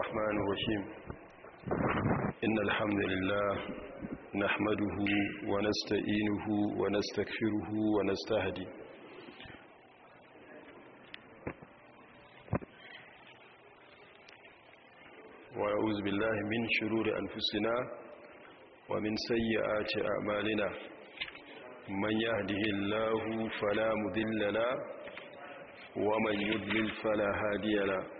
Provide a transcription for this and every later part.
الرحمن الرحيم إن الحمد لله نحمده ونستئينه ونستكفره ونستهدي وأعوذ بالله من شرور أنفسنا ومن سيئات أعمالنا من يهده الله فلا مذل له ومن يذلل فلا هادي له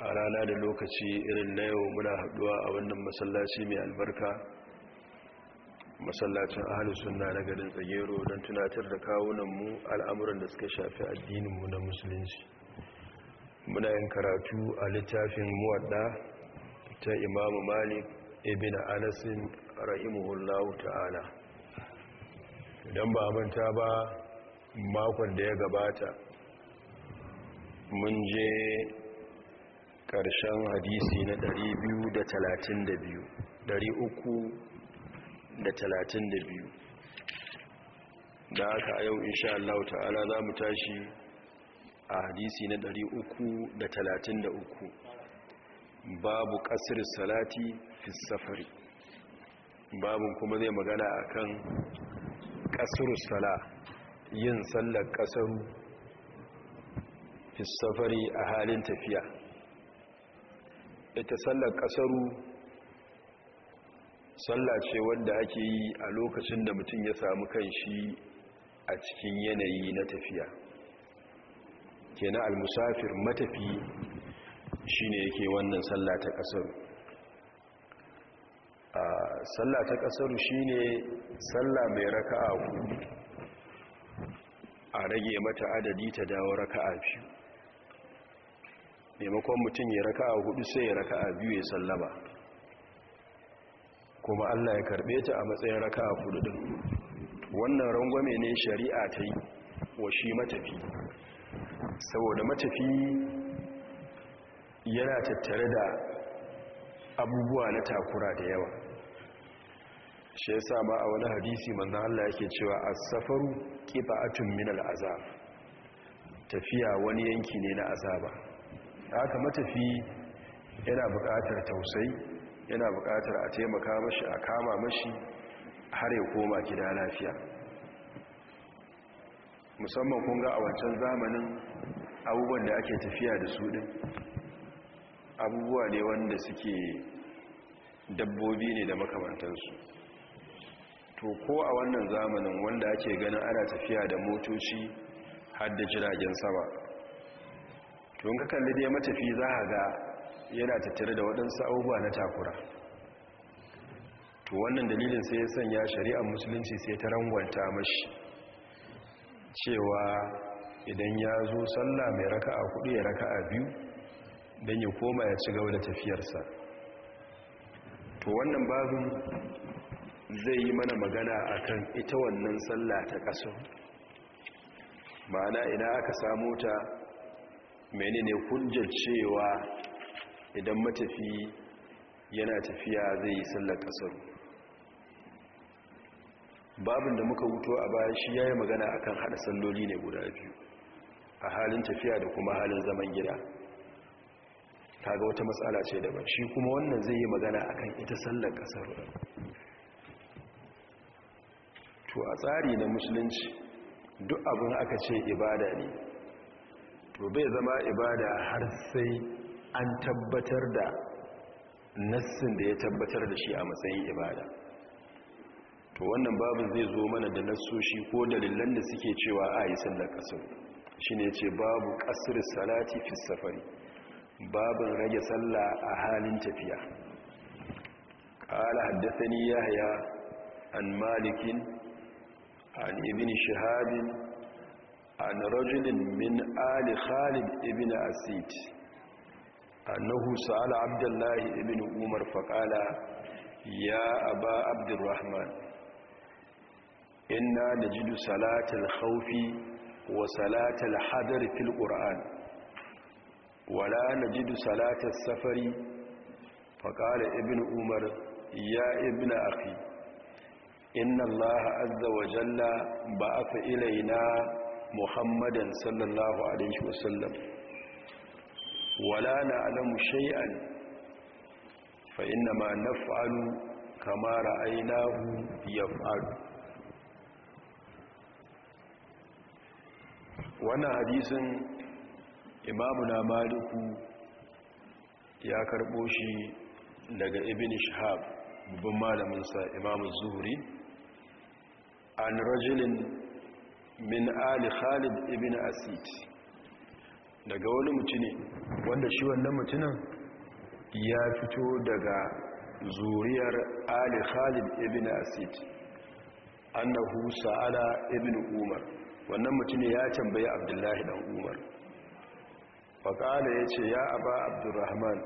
a rana da lokaci irin na yau muna haɗuwa a wannan masallaci mai albarka masallacin ahalin suna na garin tsagero don tunatar da kawunanmu al'amuran da suka shafi addininmu na musulunci muna yin karatu a littafin muwadda ta imamu malik ibn anasin rahimuhullahu ta'ala idan ba manta ba makon da ya gabata mun je ƙarshen hadisi na 232 332 da haka a yau insha Allah ta'ala za mu tashi a hadisi na 333 babu ƙasir salati fi safari babin kuma zai magana a kan ƙasir sala yin sallar ƙasar fi safari a halin tafiya ita sallar kasaru salla ce wanda ake yi a lokacin da mutum ya samu kanshi a cikin yanayi na tafiya ke na almusafir matafi shine yake wannan salla ta kasaru a salla ta kasaru shine salla mai raka'a a rage mata adadi ta dawo raka'a biyu maimakon mutum ya raka a hudu sai ya raka a biyu ya sallama kuma allah ya karbe ta a matsayin raka a hudu din wannan rangwame ne shari'a ta yi wa shi matafi saboda matafi yana tattare da abubuwa na takura da yawa shi ya sa ma a wani hadisi manzan allah yake cewa a safaru ƙiba'atun min al'azab tafiya wani yanki ne na azaba haka matafi yana bukatar tausayi yana bukatar a taimaka mashi a kama mashi har ya koma gida lafiya musamman kun ga a wancan zamanin abubuwan da ake tafiya da su din, abubuwa ne wanda suke dabbobi ne da makamantansu to ko a wannan zamanin wanda ake ganin ana tafiya da motoci har da jiragen sama tun ka kalli dai matafi za a ga yana tattare da waɗansu abubuwa na takura to wannan dalilin sai ya sanya shari'ar musulunci sai ta rangwanta mashi cewa idan ya zo sallah mai raka a kudu ya raka a biyu don ya koma ya ci gaba da tafiyarsa to wannan babin zai yi mana magana akan ita wannan sallah ta ƙasa ma'ana ina aka samu ta Mene ne hujjar cewa idan matafi yana tafiya zai yi sallar kasar babin da muka wuto a baya shi ya yi magana akan hada salloli ne guda biyu a halin tafiya da kuma halin zaman gida Ta ga wata matsala ce daban shi kuma wannan zai yi magana akan ita sallar kasar to a tsari na musulunci duk abin aka ce ibada ne to bai zama ibada har sai an tabbatar da nassin da ya tabbatar da shi a matsayin ibada to wannan babu zai zo mana da nassoshi ko dalilan da suke cewa a yi sallar kasar shi ne ce babu kasar salati fi safari babin rage sallah a halin tafiya ƙala haddasa ni yahaya an malikin an ibini shahabin an rajulin min ali khalid ibn asid annahu sa'ala abdullahi ibn umar faqala ya aba abdurrahman inna najidu salatal khawfi wa salatal hadar fil qur'an wala najidu salatas safari faqala ibn umar ya ibn akhi inna allaha azza wa jalla ba'atha ilayna muhammadan sallallahu alaihi wasallam wala na'lamu shay'an fa ma naf'alu kama ra'aynahu yaf'alu wannan hadisin imamu na maliku ya karbo shi daga ibn shahab babban malamin sa imamu zuhri an rajulin min ali khalid ibn asid daga wani mutune wanda shi wannan mutunan ya fito daga zuriyar ali khalid ibn asid annahu sa'ala ibn umar wannan mutune ya tambayi abdullahi dan umar faƙala ya ce ya aba abdurrahman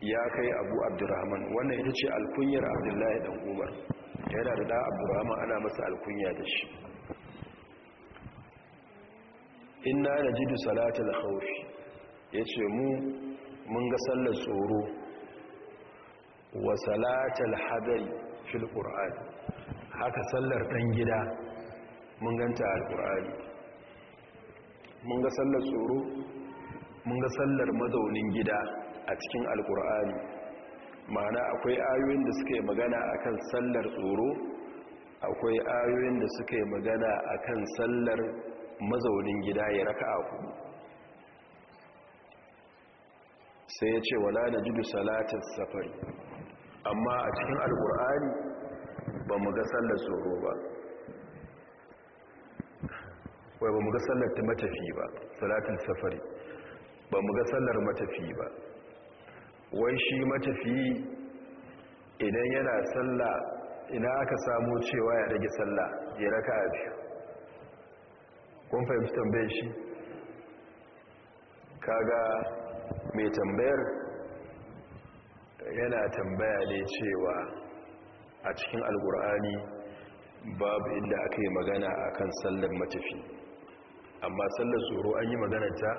ya kai abu abdurrahman wannan ita ce alkunyar abdullahi dan umar yana da da abdurrahman ana masa alkunya da shi inna na jidu salatul haufi ya ce mu mun ga sallar tsoro wa salatul hadari fil ƙur'ani haka sallar ɗan gida mun ganta a ƙur'ani mun ga sallar tsoro mun ga sallar mazaunin gida a cikin alƙur'ani mana akwai ayoyin da suka yi magana akan sallar tsoro akwai ayoyin da suka yi magana akan sallar mazaunin gida ya raka a kudu sai ya ce wala na jidu salatar safari amma a cikin alkur'ani ba mu ga sallar tsoro ba wai ba mu ga sallar ta matafi ba salatar safari ba mu ga sallar matafi ba wai shi matafi idan yana sallah ina aka samu cewa ya rage sallah ya raka a biyu kun fahimci tambayar shi kaga mai tambayar yana tambaya ne cewa a cikin alkur'ani babu inda aka yi magana a kan sallar matafi amma sallar tsoro an yi maganarta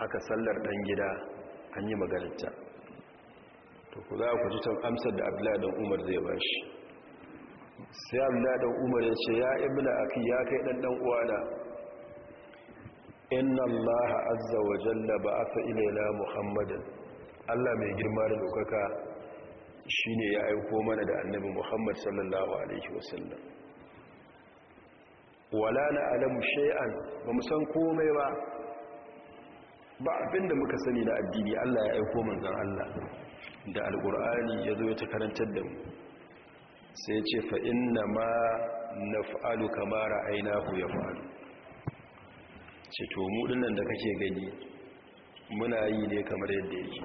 haka sallar ɗan gida an yi maganarta ta. ku za ku ji amsar da abu dan umar zai ba shi sai abu da umar ya ce ya ibna aki ya kai ɗanɗan uwana inna allaha azza wa jalla ba'atha na muhammadan allah mai girma da lokaka shi ne ya aiko mana da annabi muhammad sallallahu alaihi wasallam wala na alamu shay'an ba mu san komai ba ba abinda muka sani na addini allah ya aiko manzan allah da ya yazo ya ta karantar da mu sai ce fa'in na ma na fa'alu kamara ku ya fa'alu ce to nan da kake gani muna yi ne kamar yadda yake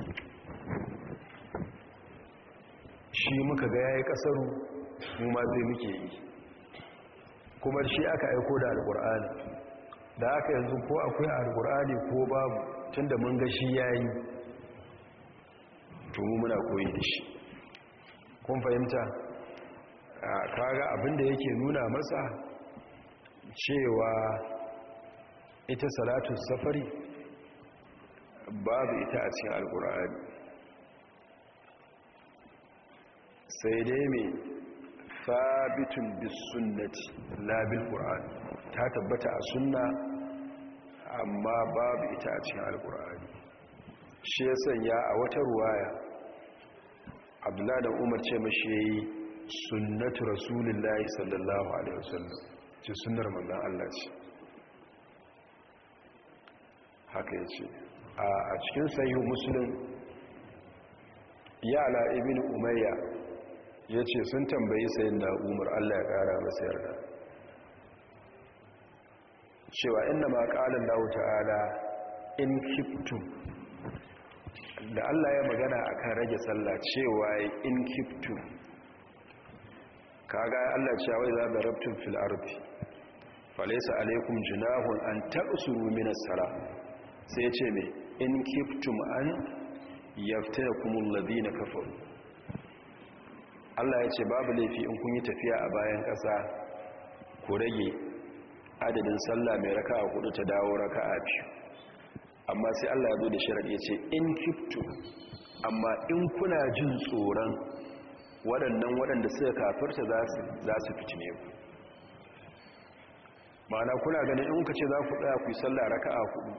shi muka ga ya yi ƙasaru mu ma zai muke yi kuma shi aka aiko da alƙur'ani da aka yanzu ko akwai alƙur'ani ko babu tun da mun ga shi ya yi tumu muna koyi da shi kun fahimta kaga abinda yake nuna masa cewa ita salatu safari babu ita a cikin alkur'ani sai dai mai sabitun bis sunnati labil ta tabbata a sunna amma babu ita a cikin alkur'ani shi ya sanya a wata ruwaya abdullahi da umar ce mashi yayi sunnatu rasulillahi sallallahu alaihi wasallam ce sunnar manzon Allah ce haka yace a cikin sahih muslim ya ala ibn umayya yace sun tambayi sayyidina umar Allah ya kara masa yarda cewa inna ma qala Allah ta'ala in kiftu da Allah ya magana akan rage sallah cewa in kiftu. kaga Allah cewa wai za darabtum fil ardi Falesa alaykum junahun an taqsuru min as-salah sai ce me in kiftum an yaftanakum alladhina kafaru Allah ya ce babu laifi in kun yi tafiya a bayan ƙasa ku rage adadin sallah mai raka'a hudu ta dawo raka'a biyu amma sai Allah ya zo da sharadi ya ce in kiftum amma in kuna jin tsoron waɗannan waɗanda suka kafarta za su fi ku mana kuna ganin in ka ce za ku ɗaya ku yi sallah raka a kudu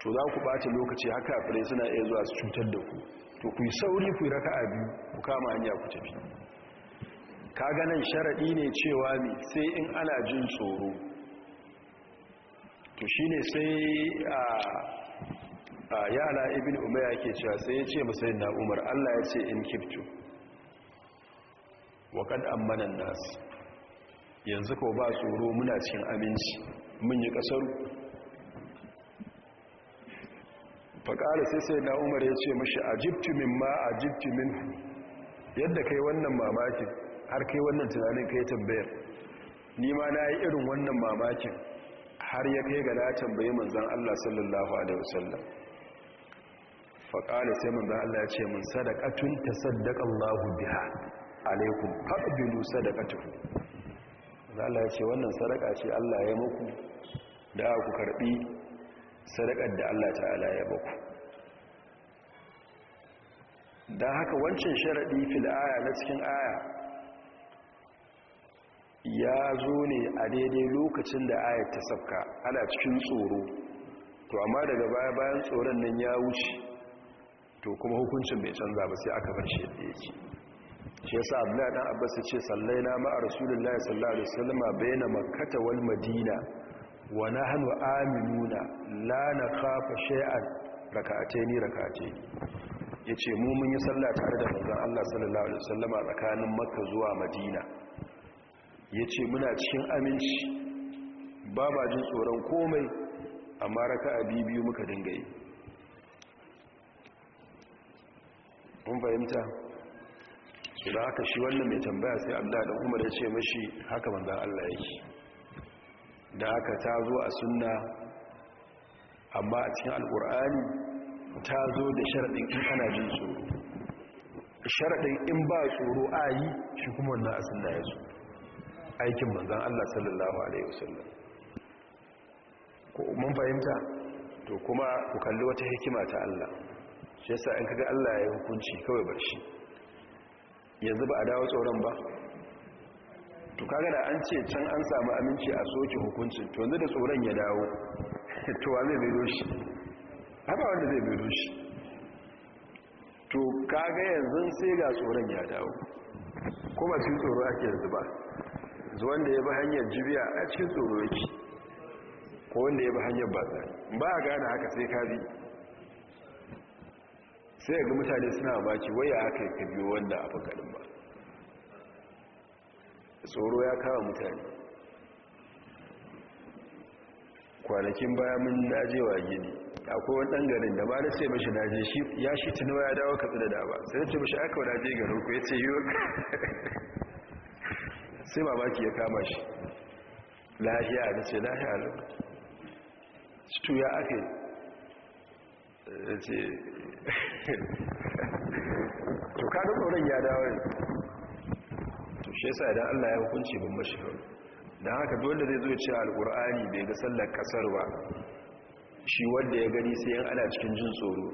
to za ku ɓata lokaci haka kafirai suna iya zuwa su cutar da ku to ku yi sauri ku yi raka a biyu ku kama hanya ku tafi ka ganin sharaɗi ne cewa ne sai in ana jin tsoro to shi ne sai a yana ibn umar ya ke cewa sai ya ce masai na umar allah ya ce in kiftu wa ammanan nasu yanzu ko ba tsoro muna cikin aminci mun yi kasar faƙara sai sai na umar ya ce mashi ajibtu min ma a min yadda kai wannan mamakin har kai wannan tunanin kai tambayar ni ma na yi irin wannan mamakin har ya kai ga na tambayi manzan Allah sallallahu alaihi wasallam faƙara sai manzan Allah ya ce mun tun ta Allahu biha alaikum faqbilu sadaqatuhu Allah ce wannan sadaka ce Allah ya muku da ku karbi sadakar da Allah ta'ala ya muku dan haka wancan sharaɗi fil aya na cikin aya ya zo ne a daidai lokacin da ayat ta sabka ana cikin tsoro to amma daga baya bayan tsoron nan ya wuce to kuma hukuncin bai canza ba sai aka bar shi yadda yake shi yasa abdullahi dan abbas yace sallaina ma rasulullahi sallallahu alaihi wasallam baina makkah wal madina wa nahnu aminuna la nakhafu shay'an raka'ataini raka'ataini yace mu mun yi sallah tare da manzon Allah sallallahu alaihi wasallam tsakanin makka zuwa madina yace muna cikin aminci ba ba jin tsoron komai amma raka'a biyu muka dinga yi mun fahimta da haka shi wannan mai tambaya sai abdullahi dan umar ya ce mashi haka manzan Allah yake da haka ta zo a sunna amma a cikin alkur'ani ta zo da sharaɗin in ana jin tsoro sharaɗin in ba tsoro a yi shi kuma wannan a sunna ya zo aikin manzan Allah sallallahu alaihi wasallam ko mun fahimta to kuma ku kalli wata hikima ta Allah shi yasa in kaga Allah ya yi hukunci kawai bar shi yanzu ba a dawo tsoron ba to kaga da an ce can an samu aminci a soke hukuncin to yanzu da tsoron ya dawo to wa zai bido shi haba wanda zai bido shi to kaga yanzu sai ga tsoron ya dawo kuma cikin tsoro ake yanzu ba zuwan da ya bi hanyar jibiya a cikin tsoro yake ko wanda ya bi hanyar ba ba a gane haka sai ka bi sai ga mutane suna baki waya aka yi ka biyo wanda a fagadin ba tsoro ya kawo mutane kwanakin baya mun wa gini akwai wani ɗangarin da ba da sai mashi daje shi ya shi tunawa ya dawo katsi da dama sai da ce mashi aka wadaje garin ku ya ce yi sai mamaki ya kama shi lahiya da ce lahiya da citu ya ake ce to kaga tsoron ya dawo ne to shi yasa idan Allah ya hukunci ban mashiru don haka dole zai zo ya ce bai ga sallar kasar ba shi wanda ya gani sai yan ana cikin jin tsoro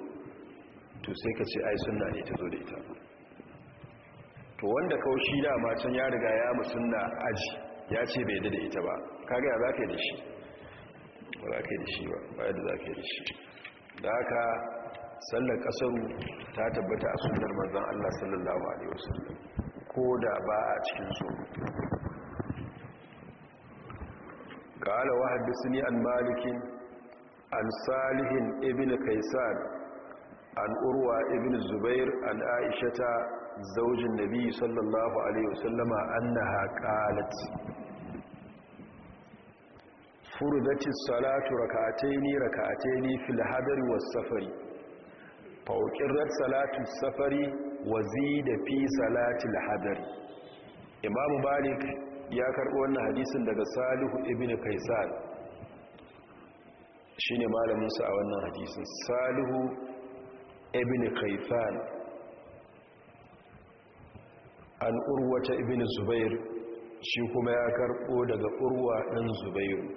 to sai ka ce ai sunna ne ta zo da ita to wanda kaushi da macin ya riga ya musunna aji ya ce bai da ita ba Ka gaya za ka yi da shi ba za ka yi da shi ba ba yadda za ka yi da shi da haka sallar kasaru ta tabbata a sunar mazan Allah sallallahu alaihi wasallam ko da ba a cikin su qala wa haddathani an malikin an salihin ibn Kaisar, an urwa ibn zubair an aishata zaujin nabi sallallahu alaihi wasallama Furu da furdatis salatu rak'ataini rak'ataini fil hadari was safari fauƙirar salatu safari wazi da fi salatul hadari imamu malik ya karɓi wannan hadisin daga salihu ibn kaisar shi ne malaminsu a wannan hadisin salihu ibn kaisar an urwata ibn zubair shi kuma ya karɓo daga urwa ɗan zubairu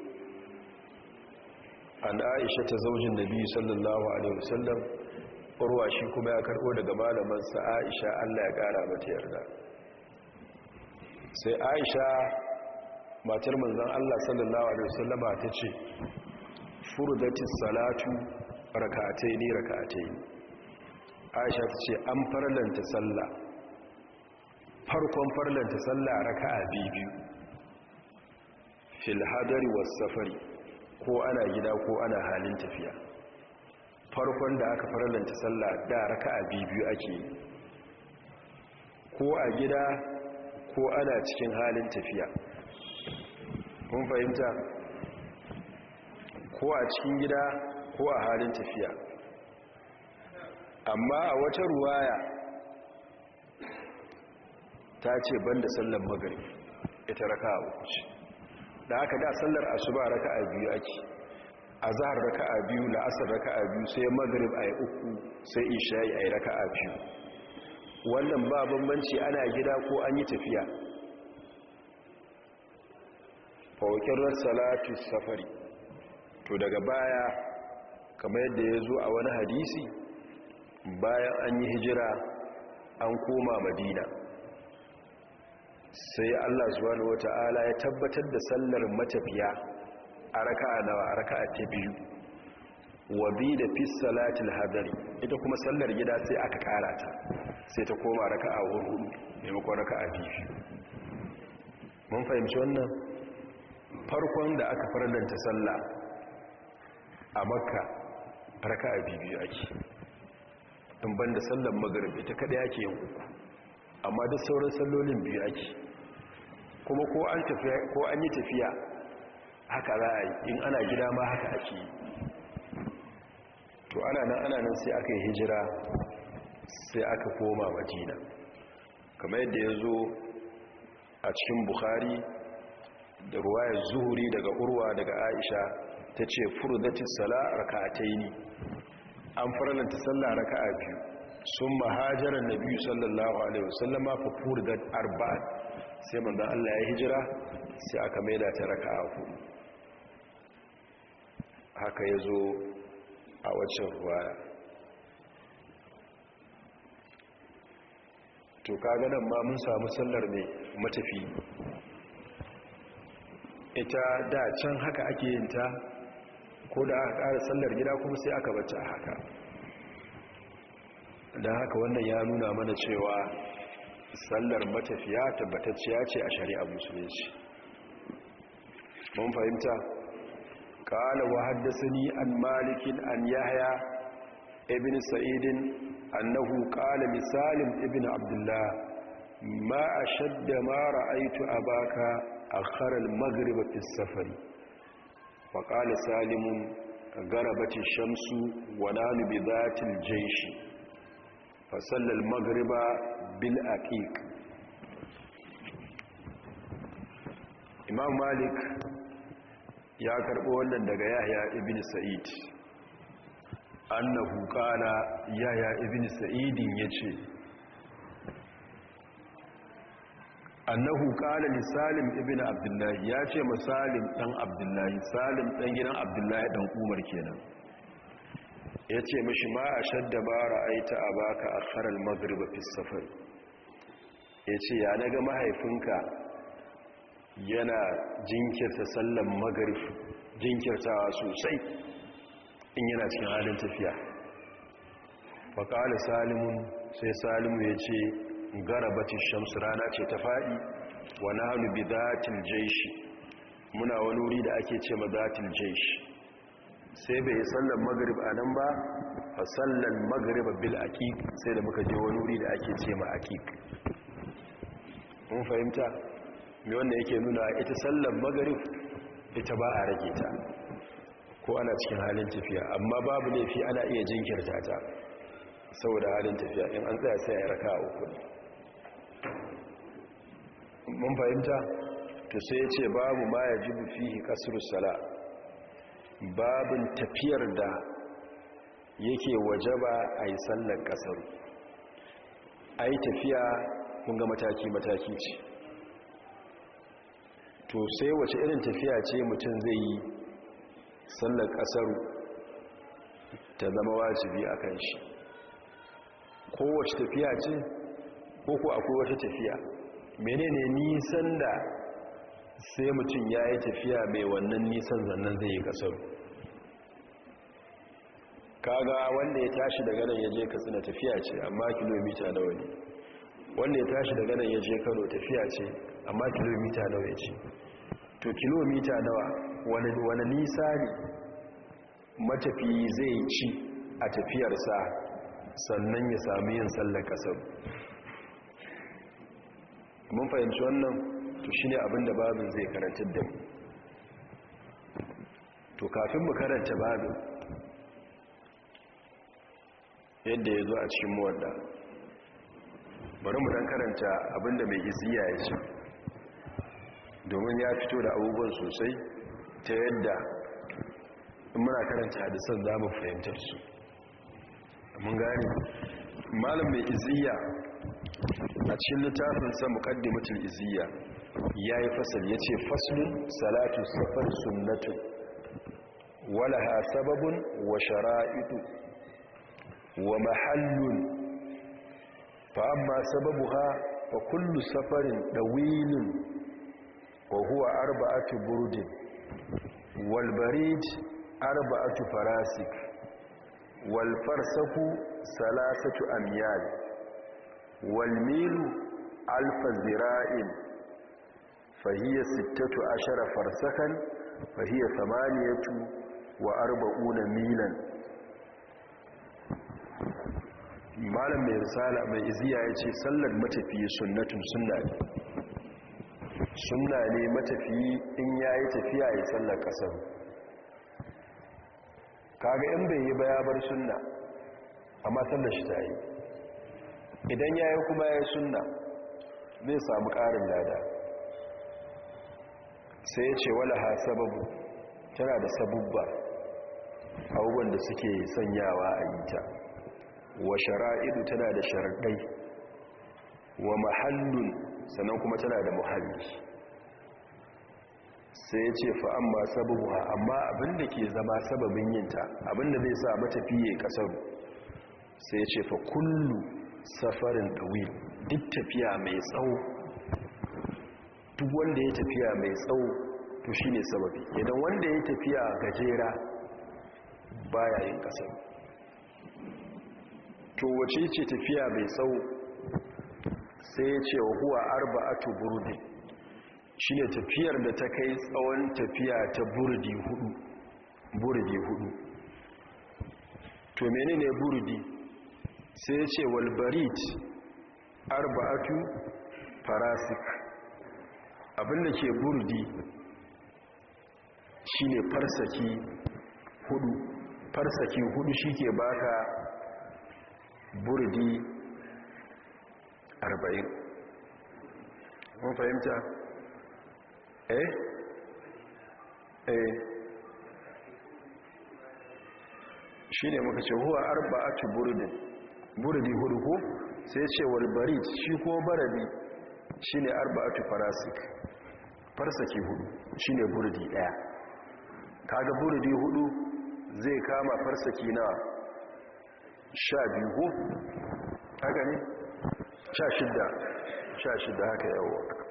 an aisha ta zaujin nabi sallallahu alaihi wasallam urwa shi kuma ya karɓo daga malamansa aisha allah ya ƙara mata yarda sai aisha matar manzan allah sallallahu alaihi wasallama ta ce furdatis salatu rakatai ne rakatai aisha ta ce an farlanta sallah farkon farlanta sallah raka'a biyu fil hadari was safari ko ana gida ko ana halin tafiya farkon da aka farallanta sallah da raka a biyu ake ko a gida ko ana cikin halin tafiya kun fahimta ko a cikin gida ko a halin tafiya amma a wata ruwaya ta ce banda sallar magari ita raka a wuce da aka da sallar asuba a biyu ake a raka raka'a biyu la'asar raka'a biyu sai magrib a uku sai yi raka raka'a biyu wannan ba bambanci ana gida ko an yi tafiya fawakirar salatu safari to daga baya kamar yadda ya zo a wani hadisi bayan an yi hijira an koma madina sai allah subhanahu wata'ala ya tabbatar da sallar matafiya a raka'a nawa a raka'a ce biyu wa bi da fi salatil hadari ita kuma sallar gida sai aka kara ta sai ta koma raka'a hudu maimakon raka'a biyu mun fahimci wannan farkon da aka faranta sallah a makka raka'a biyu ake in banda sallar magrib ta kada yake yin uku amma duk sauran sallolin biyu ake kuma ko an yi tafiya haka za a yi in ana gida ma haka ake yi to ana nan ana nan sai aka yi hijira sai aka koma madina kamar yadda ya zo a cikin bukhari da ruwayar zuhuri daga urwa daga aisha ta ce furdatis sala raka'ataini an farlanta sallah raka'a biyu sun mahajaran biyu sallallahu alaihi wasallama fa furdat arba'a sai manzan Allah ya hijira sai aka maida ta raka hudu haka ya zo a waccan ruwaya to kaga nan ma mun samu sallar mai matafi ita da can haka ake yin ta ko da aka ƙara sallar gida kuma sai aka bacci a haka don haka wannan ya nuna mana cewa sallar matafiya tabbatacciya ce a shari'a musulunci mun fahimta Ƙala wa haddasani an malikin an yahya ibn sa'idin annahu kala misalin Ibin abdullah ma ashadda ma ra'aytu abaka akhara al-maghrib fi as-safar wa qala salim garabati ash-shamsu wa nalu bi dhati al fa salla al-maghrib bil aqiq imam malik ya karɓo wannan daga yahya ibn sa'id annahu Hukana yahya ibn sa'idin yace annahu qala li salim ibn abdullah yace masalim dan abdullahi salim dan gidan abdullahi dan umar kenan yace mishi ma ashadda ba ta abaka a al-maghrib fi as-safar yace ya naga mahaifinka yana jinkirta sallan magarib jinkirtawa sosai in yana cikin halin tafiya faƙali Salimu sai salimu ya ce garabatin shamsu rana ce ta faɗi wani hannu bi zatin jaishi muna wani wuri da ake ce ma zatin jaishi sai bai yi sallan magarib a nan ba a sallan magarib bil aƙiƙ sai da muka je wani wuri da ake ce ma aƙiƙ mun fahimta mai wanda yake nuna ita sallar magarib ita ba a rage ta ko ana cikin halin tafiya amma babu laifi ana iya jinkirta ta saboda halin tafiya in an tsaya sai ya raka a uku ne mun fahimta ta sai ya ce babu ma ya jibu kasar sala babin tafiyar da yake wajaba a yi sallar kasar ai tafiya kun ga mataki-mataki ce to sai wace irin tafiya ce mutum zai yi sallar kasar ta zama wajibi a kan shi kowace tafiya ce ko ko akwai wata tafiya menene nisan da sai mutum ya yi tafiya mai wannan nisan zannan zai yi kasar kaga wanda ya tashi daga nan ya je katsina tafiya ce amma kilomita da wani. wanda ya tashi da nan ya je kano tafiya ce amma kilomita nawa ya ce to kilomita nawa wani nisa ne matafi zai ci a tafiyarsa sannan ya sami yin sallar kasar mun fahimci wannan to shi ne abinda babin zai karantar da mu to kafin mu karanta babin yadda ya zo a cikin muwadda bari mu don karanta abinda mai isiya ya shi. domin ya fito da abubuwan sosai ta yadda muna karanta hadisan za mu fahimtar su mun gane malam mai iziya a cikin littafin sa muqaddimatul iziya yayi fasal yace faslun salatu safar sunnatu wala ha sababun wa shara'itu wa mahallun fa amma sababuha fa kullu safarin ɗawilin Wahuwa arba'atu burdin wal arba'atu farasit, wal farsaku salasatu amyal wal milu alfa zira'in sittatu ashara farsakan fahiya samaniyatu wa arba'una milan malam mai risala mai iziya ya ce sallar matafiya sunnatun sunna ne suna ne matafiyi in ya yi tafiya ya tsallar ƙasar kaga in bai yi baya bar suna amma tsallar shi ta yi idan ya yi kuma ya yi suna zai samu ƙarin lada sai ya ce wala ha sababu tana da sabubba abubuwan da suke sanyawa a yi ta wa shara'idu tana da sharaɗai wa mahallun sannan kuma tana da muhalli sai ya ce fa'an ma sababuwa amma abinda ke zama sababin yinta abinda zai sa matafiye kasar sai ce fa kullu safarin dawi duk tafiya mai tsawo duk wanda ya tafiya mai tsawo to shi ne sababi idan wanda ya tafiya gajera baya yin kasar to wace ce tafiya mai tsawo sai ya ce wa huwa arba'atu burudin shi ne tafiyar da ta kai tsawon tafiya ta burdi hudu burdi hudu to menene ne burdi sai ya ce walbarit arba'atu farasik abinda ke burdi shi ne farsaki hudu farsaki hudu shi ke baka burdi arba'in mun fahimta eh eh shi ne muka ce huwa arba'atu burdin burdi hudu ko sai ce wal shi ko baradi shi ne arba'atu farasik farsaki hudu shi ne burdi daya kaga burdi hudu zai kama farsaki na sha biyu ko haka ne sha shidda sha shidda haka yawon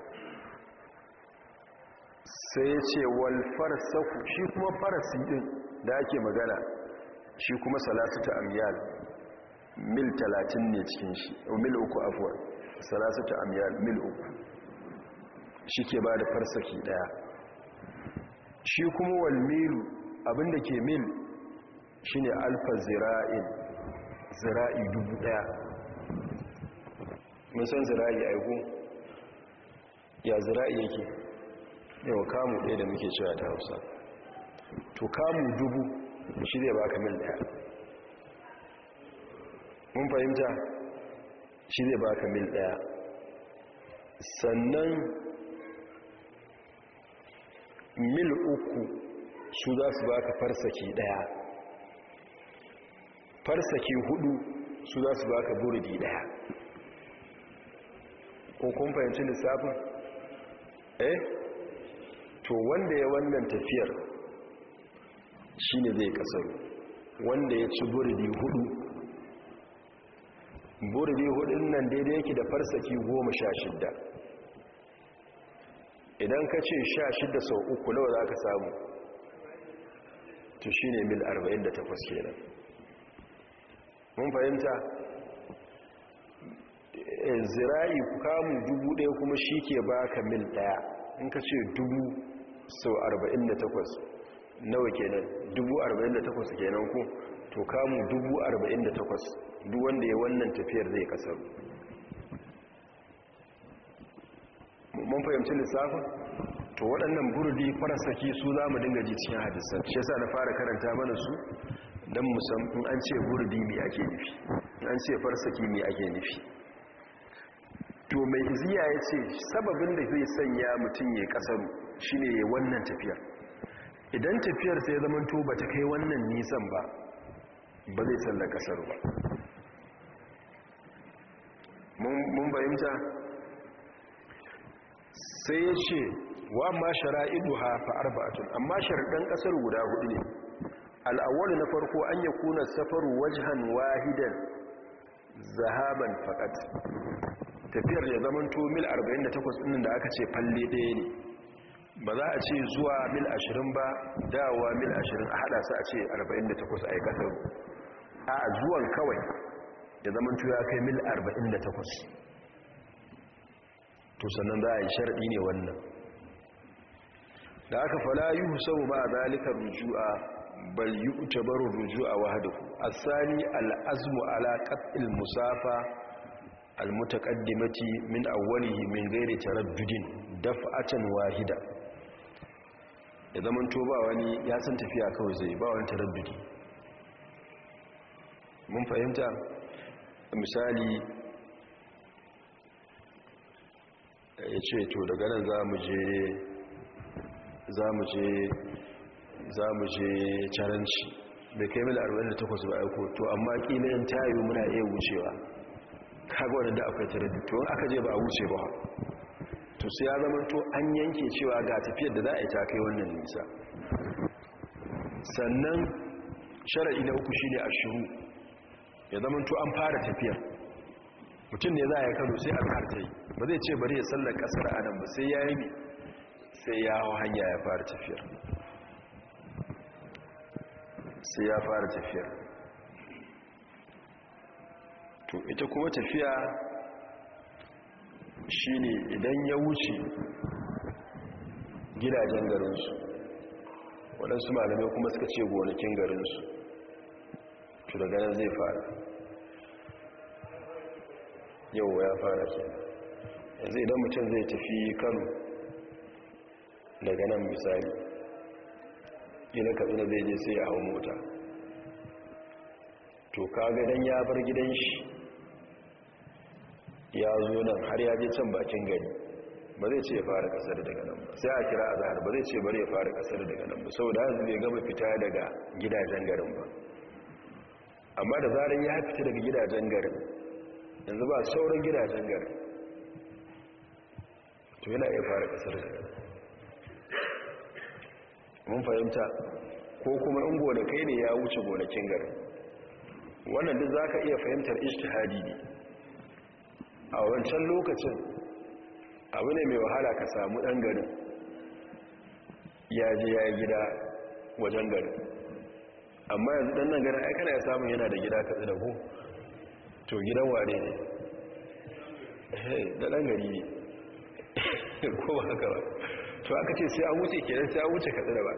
sai ya ce wal farsaku shi kuma farasi din da ake magana shi kuma ta amyal mil 30 ne cikin shi oh, mil uku afwan ta amyal mil uku shi ke ba da farsaki daya shi kuma wal milu abinda ke mil shine alfa zira'in zira'i dubu daya mun san zira'i aiko ya zira'i yake yau kamu ɗaya da muke cewa ta hausa to kamu dubu shi zai baka mil ɗaya mun fahimta shi zai baka mil ɗaya sannan mil uku su za su baka farsaki ɗaya farsaki hudu su za su baka burdi ɗaya ko kun fahimci lissafin eh to wanda ya wannan tafiyar shi ne zai kasaru wanda ya ci burdi hudu burdi hudun nan daidai yake da farsaki goma sha shidda idan ka ce sha shidda sau uku nawa za ka samu to shi ne mil 48 kenan mun fahimta eh, zira'i kamun dubu daya kuma shi ke baka mil daya in ka ce dubu sau 48 nawa kenan 48 kenan ku to kamu 48 duk wanda ya wannan tafiyar zai kasar mun fahimci lissafi to waɗannan burdi farasaki su za mu dinga ji cikin hadisan shi yasa na fara karanta mana su don musamman an ce burdi mai ake nufi an ce farsaki mai ake nufi to mai ziya ya ce sababin da zai sanya mutum ya kasaru shine ne wannan tafiyar idan tafiyar sai zaman to ta kai wannan nisan ba ba zai tsalla kasar ba mun bayyanta sai ya ce wa ma shara'iduha fa arba'atun amma sharadan kasar guda hudu ne al'awwal na farko an kuna safar wajen wahidan zahaban faqat tafiyar ya zaman to mil 48 da aka ce falle ɗaya ne ba za a ce zuwa mil ashirin ba dawa mil ashirin a hada su a ce 48 a yi kasar a zuwan kawai da zama tuya kai mil 48 to sannan za a yi sharɗi ne wannan da aka fala yi husau ba zalika rujua bal yi utabaru rujua a sani al'azmu ala qat'il musafa almutaqaddimati min awwalihi min ghairi taraddudin daf'atan wahida ya zamanto to ba wani ya san tafiya kawai zai ba wani tarabbudi mun fahimta misali ya ce to daga nan za mu je za mu je za mu je caranci bai kai mil 48 ba aiko to amma kila yin tayo muna iya wucewa kaga wanda akwai tarabbudi to aka je ba a wuce ba to sai ya zama to an yanke cewa ga tafiyar da za a yi ta kai wannan nisa sannan shara'i na uku shine ashiru ya zama to an fara tafiyar mutum ne za a yi kano sai an harta yi ba zai ce bari ya sallar kasar adam ba sai ya yi ne sai ya hau hanya ya fara tafiyar sai ya fara tafiyar to ita kuma tafiya Shi ne idan ya wuce gidajen garinsu waɗansu malamai kuma suka ce gonakin garinsu to da ganin zai fara yau ya fara ke yanzu idan mutum zai tafi kano daga nan misali ila katsina zai je sai ya hau mota to kaga dan ya bar gidan shi ya zo nan har ya je can bakin gari ba zai ce ya fara kasar daga nan ba sai a kira a zahar ba zai ce bari ya fara kasar daga nan ba saboda hanzu bai gama fita daga gidajen garin ba amma da zarar ya fita daga gidajen garin yanzu ba sauran gidajen garin to yana iya fara kasar daga nan mun fahimta ko kuma in gonakai ne ya wuce gonakin garin wannan duk za ka iya fahimtar ishtihadi ne a wancan lokacin abu ne mai wahala ka samu ɗan garin ya ji ya gida wajen garin amma yanzu ɗan nan garin aikana ya samun yana da gida ka tsinago to gidan ware ne da eh, ɗan gari ne ko ba haka ba to aka ce sai an wuce kenan sai an wuce ka tsira ba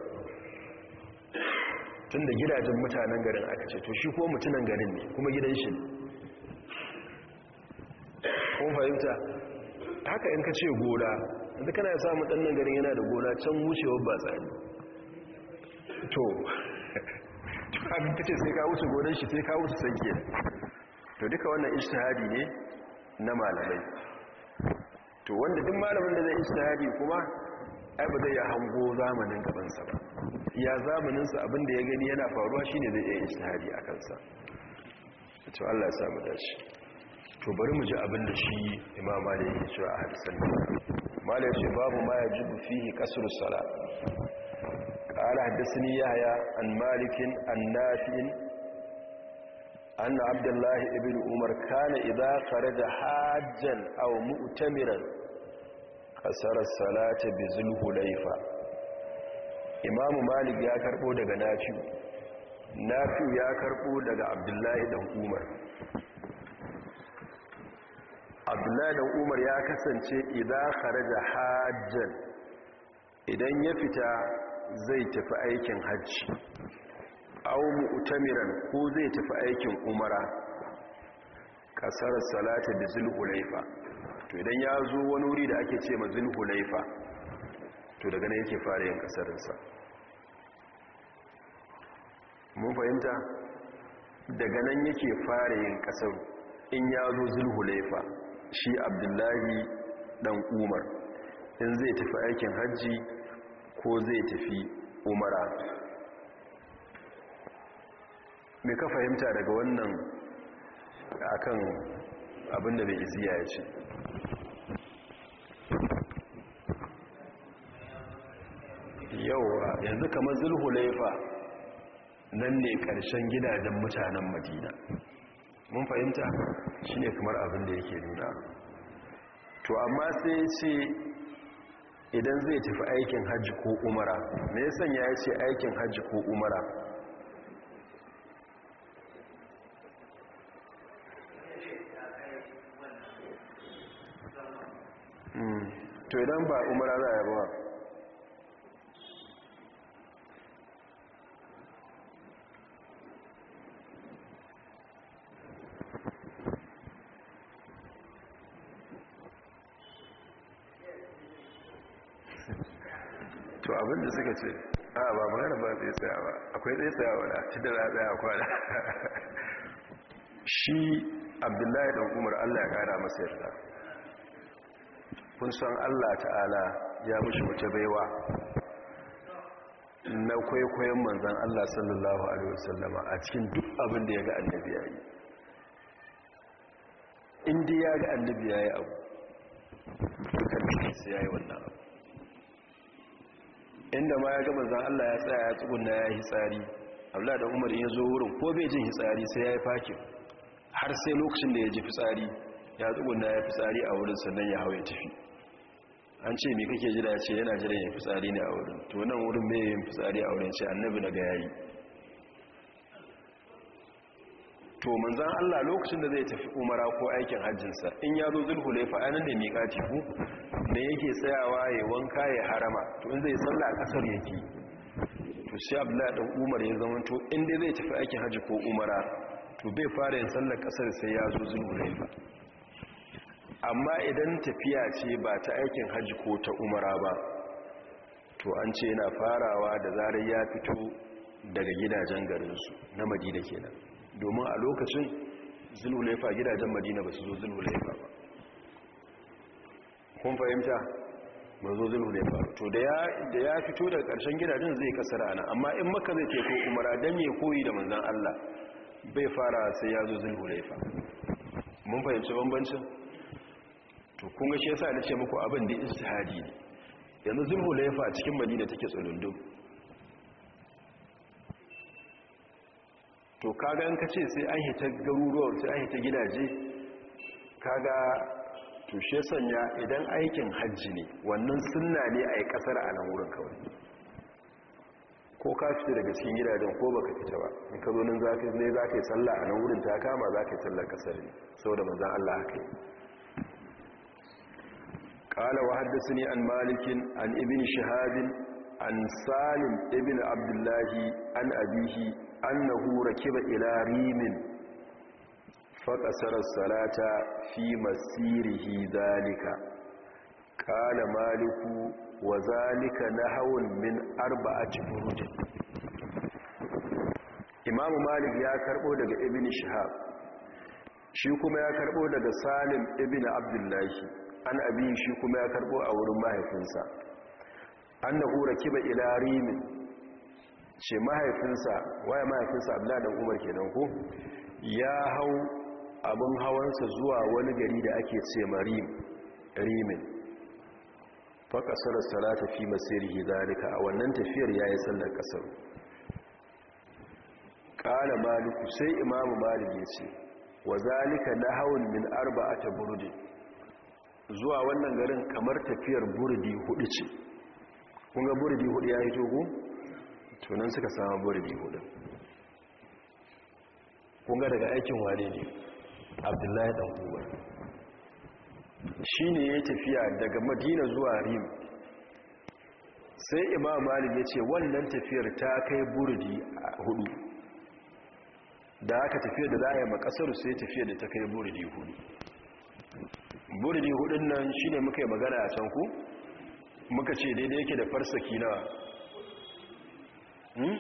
tun da gidajen mutanen garin aka ce to shi ko mutunan garin ne kuma gidan shi ne kun fahimta haka in ka ce gona da kana ya samu ɗannan garin yana da gona can wucewar ba tsari to abin ka ce sai ka wuce gonan shi sai ka wuce sanke to duka wannan ishtihadi ne na malamai to wanda duk malamin da zai ishtihadi kuma ai ba zai ya hango zamanin gabansa ba ya zamaninsa abin da ya gani yana faruwa shine zai iya ishtihadi a kansa to Allah ya samu dace to bari mu ji abin da shi imam malik yake cewa a hadisan malik ce babu ma yajibu fihi kasru sala qala hadathani yahya an malikin an nafi an abdullah ibn umar kana idha kharaja hajjan aw mu'tamiran kasara salata bi zulhulayfa imam malik ya karbo daga nafi'u nafi'u ya karbo daga abdullah da umar abdullahi da umar ya kasance idan kharaja hajjan idan ya fita zai tafi aikin hajji aw mu'tamiran ko zai tafi aikin umara kasar salata da zulhulaifa to idan ya zo wani wuri da ake ce ma zulhulaifa to daga nan yake fara yin kasarinsa mun fahimta daga nan yake fara yin ƙasar in ya zo zulhulaifa shi abdullahi dan umar in zai tafi aikin hajji ko zai tafi umara mai ka fahimta daga wannan akan abinda mai iziya ya ce yau yanzu kamar zulhulaifa nan ne ƙarshen gidajen mutanen madina mun fahimta shi ne kamar abin da yake nuna to amma sai ce idan zai tafi aikin hajji ko umara me ya sanya ya ce aikin hajji ko umara hmm. to idan ba umara za a yaba da suka ce a ba magana ba zai tsaya ba, akwai zai tsaya da shi da za a tsaya kwana shi abdullahi da umar allah ya ƙara masa yarda kun san allah ta'ala ya mushi wuce baiwa na kwaikwayon manzan allah sallallahu alaihi wasallama a cikin duk abin da ya ga annabi ya yi inda ya ga annabi ya yi abu da shi ya yi wannan abu inda ma ya gaba zan Allah ya tsaya ya tsugunna ya yi tsari Abdullahi da Umar ya zo wurin ko bai jin hitsari sai ya yi fakin har sai lokacin da ya ji fitsari ya tsugunna ya fitsari a wurin sannan ya hawa ya tafi an ce me kake jira ya ce yana jiran ya fitsari ne a wurin to nan wurin me yin fitsari a wurin ce annabi daga yayi to manzan Allah lokacin da zai tafi umara ko aikin hajjinsa in ya zo zulhulaifa anan da miƙati ku da yake tsayawa ya wanka ya harama to in zai sallah a ƙasar yake to sai abdullahi dan umar ya zama to in dai zai tafi aikin hajji ko umara to bai fara yin sallar ƙasar sai ya zo zulhulaifa amma idan tafiya ce ba ta aikin hajji ko ta umara ba to an ce yana farawa da zarar ya fito daga gidajen garinsu na madina kenan domin a lokacin zulhulaifa gidajen madina ba su zo zulhulaifa ba kun fahimta ba zo ba to da ya fito daga ƙarshen gidajen zai kasar ana amma in maka zai ce ko umara don ya koyi da manzan allah bai fara sai ya zo zulhulaifa mun fahimci bambancin to kun ga shi yasa da ce muku abin da ne yanzu zulhulaifa a cikin madina take tsulundum to kaga in kace sai an hita garuruwar sai an hita gidaje kaga to she sanya idan aikin hajji ne wannan sunna ne a yi kasar a nan wurin kawai ko ka fita daga cikin gidajen ko baka fita ba in ka zo nan za ka ne za ka yi sallah a nan wurin ta kama za ka yi sallar kasar ne saboda manzan Allah haka yi قال وحدثني عن مالك عن ابن شهاب عن سالم ابن عبد الله عن أبيه annahu rakiba ila rimin faqasara salata fi masirihi zalika qala maliku wa zalika nahawun min arba'ati furuj imamu malik ya karbo daga ibn shihab shi kuma ya karbo daga salim ibn abdullahi an abi shi kuma ya karbo a wurin mahaifinsa annahu rakiba ila rimin ce mahaifinsa waya mahaifinsa abladan umar kenan ko ya hau abin hawansa zuwa wani gari da ake ce rimin faƙasar salata fi masirhi zalika a wannan tafiyar ya sallar ƙasar ƙala maliku sai imamu malik ya ce wa zalika na hawan min arba'ata burdi zuwa wannan garin kamar tafiyar burdi hudu ce Kun ga burdi hudu ya yi tunan suka samu burbi hudu kunga daga aikin wanene ne abdullahi dan uba shi ne ya tafiya daga madina zuwa rim sai imam malik ya ce wannan tafiyar ta kai burdi hudu da aka tafiyar da za a yi makasar sai tafiyar da ta kai burdi hudu burdi hudun nan shi ne muka yi magana a can ku muka ce daidai yake da farsaki na Hmm?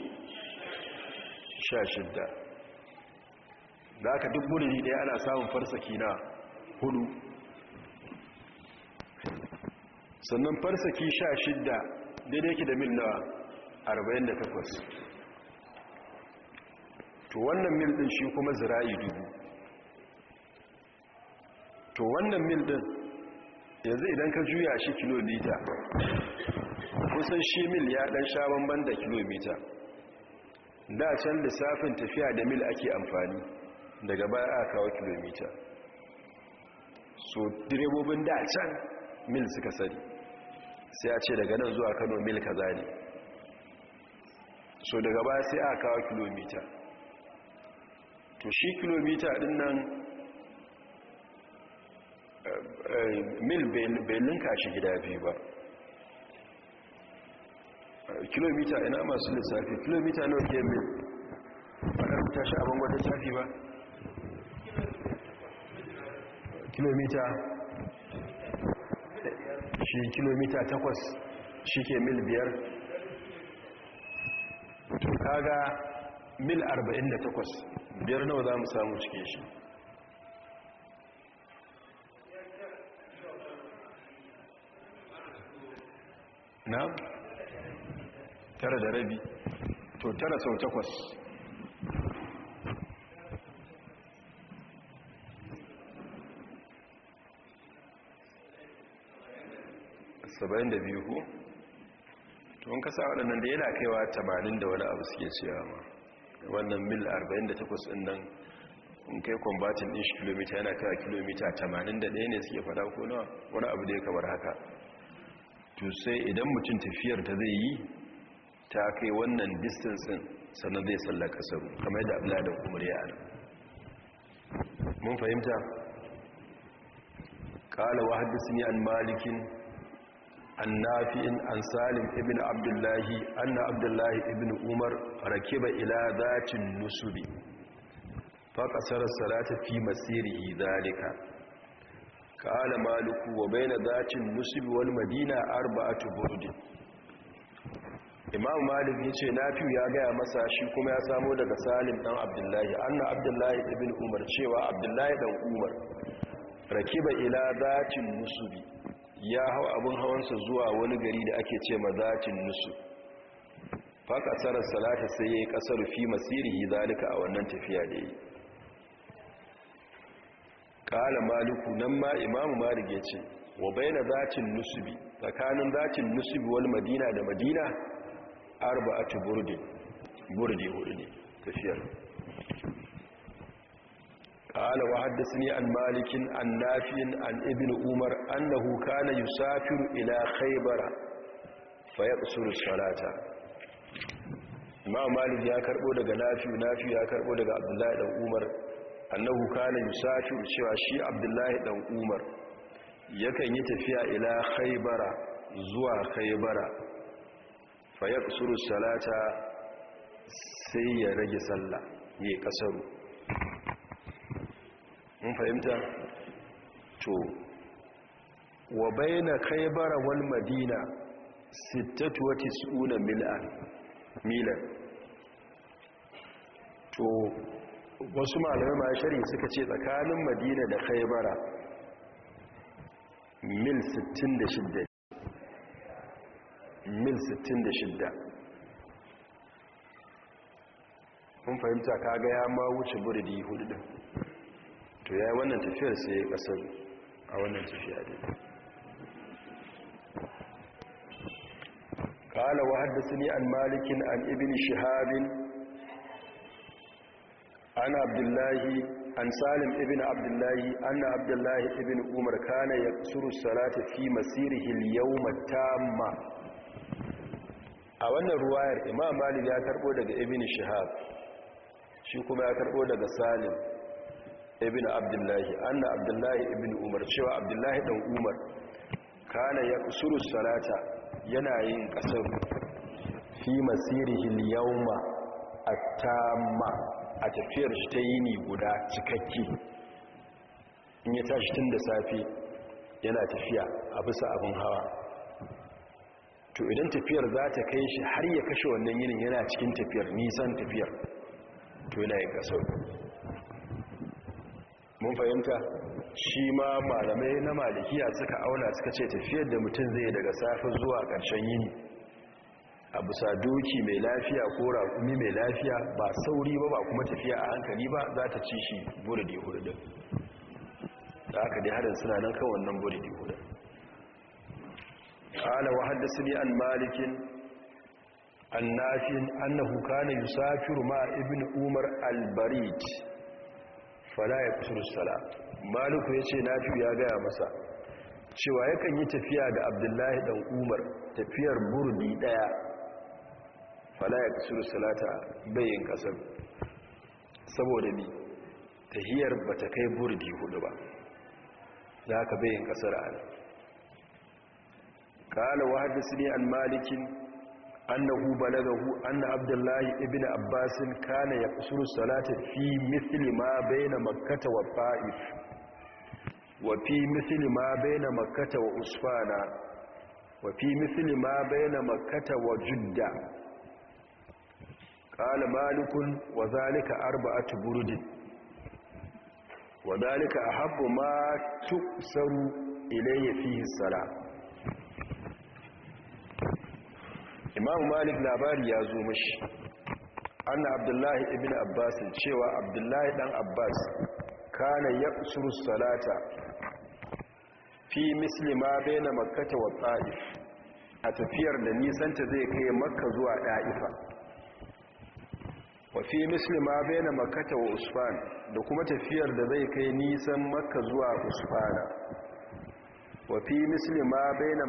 sha da aka duk murni ɗaya ana samun farsaki na hudu sannan farsaki sha shidda daidai ki da mil na 48 to wannan mil ɗin shi kuma zira'i dubu to wannan mil ɗin yanzu idan ka juya shi kilomita kusan shi mil ya ɗan sha bamban da kilomita da can lissafin tafiya da mil ake amfani daga baya a kawo kilomita so direbobin da can mil suka sani sai a ce daga nan zuwa kano mil ka zane so daga baya sai a kawo kilomita to shi kilomita din nan eh, eh, mil bai linka shi gida biyu ba kilomita ina masu lissafi kilomita nawa oke mil ba ka rubuta shi a bangon lissafi ba kilomita shi kilomita takwas shi ke mil biyar to kaga mil arba'in da takwas biyar nawa za mu samu cikin shi na? tara da rabi to tara sau takwas saba'in da biyu ku tun kasa waɗannan da yana kaiwa tamanin da wani abu suke cewa ma wannan mil 48 ɗin nan in kai kwambatin ɗin shi kilomita yana kaiwa kilomita 81 ne suke faɗa ko na wani abu da ya kamar haka to sai idan mutum tafiyar ta zai yi Takai kai wannan distancin sannan zai tsalla kasaru kamar yadda abu da kuma riyar mun fahimta kala wa haddisi an malikin an nafi'in an salim ibn abdullahi anna abdullahi ibn umar rakiba ila zacin nusubi faƙasar salata fi masiri zalika kala maluku wa bai na zacin nusubi wal madina arba'atu burdin imam malik ya ce nafiu ya gaya masa shi kuma ya samo daga salim dan abdullahi anna abdullahi ibn umar cewa abdullahi dan umar rakiba ila zatin nusubi ya hau abin hawansa zuwa wani gari da ake ce ma zatin nusu fa tsarar salata sai yayi kasar fi masirihi zalika a wannan tafiya da yi kala maliku nan ma imam malik ya ce wa baina zatin nusubi tsakanin zatin nusubi wal madina da madina arba a ci burdi burdi burdi ta shiyar ƙala wa haddasa ne an malikin an nafiyin an umar an na huka na yusafin ila haibara fayar sun shalata ma malik ya karbo daga nafiyu nafiyu ya karbo daga abdullahi dan umar an na huka na yusafin cewa shi abdullahi Ɗan umar yakan yi tafiya ila haibara zuwa haibara fayar suru salata sai ya rage sallah ya yi kasaru mun fahimta to wa baina khaybara wal madina 96 mil'an milan to wasu malamai ma shari suka ce tsakanin madina da bara mil 66 mil 66 kun fahimta ka ga ya ma wuce burdi hudu to ya yi wannan tafiyar sai kasar a wannan tafiya da kala wa haddasa ni an malikin an ibin shahabin an abdullahi an salim ibn abdullahi anna abdullahi Ibin umar kana yaksuru salata fi masirihi al-yawma a wannan ruwayar imam malik ya karbo daga ibn shihab shi kuma ya karbo daga salim ibn abdullahi anna abdullahi ibn umar cewa abdullahi dan umar kana ya salata yana yin kasar fi masirihil yawma at-tamma a tafiyar shi ta yini guda cikakke in ya tashi tun da safe yana tafiya a bisa abin hawa to idan tafiyar za ta kai shi har ya kashe wannan yinin yana cikin tafiyar nisan tafiyar to yana yin kaso mun fahimta shi ma malamai na malikiya suka auna suka ce tafiyar da mutum zai daga safe zuwa ƙarshen yini abu sa doki mai lafiya ko rakumi mai lafiya ba sauri ba ba kuma tafiya a hankali ba za ta ci shi yi hudu da aka dai harin suna nan kan wannan yi hudu. قال وحدثني عن مالك عن نافع انه كان يسافر مع ابن عمر البريد فلا يقصر الصلاه مالك يشي نافع يا غاية مساء cewa yakan yi tafiya da abdullahi dan umar tafiyar burdi daya fala ya kusur salata bayin kasar saboda ni tahiyar ba ta kai burdi hudu ba da haka bayin kasar a nan qala wa haddathani an malik annahu balagahu anna abdullahi ibn abbas kana yaqsuru salata fi mithli ma baina makkah wa ta'if wa fi mithli ma baina makkah wa usfana wa fi mithli ma baina makkah wa jiddah qala malik wa zalika arba'atu burudin وذلك أحب ما تؤثر إليه فيه الصلاة imam malik labari ya zo mashi anna abdullahi ibn abbas cewa abdullahi dan abbas kana yaqsuru salata fi misli ma baina wa ta'if a tafiyar da nisan ta zai kai makka zuwa da'ifa wa fi misli ma baina wa usfan da kuma tafiyar da zai kai nisan makka zuwa usfana wa fi misli ma baina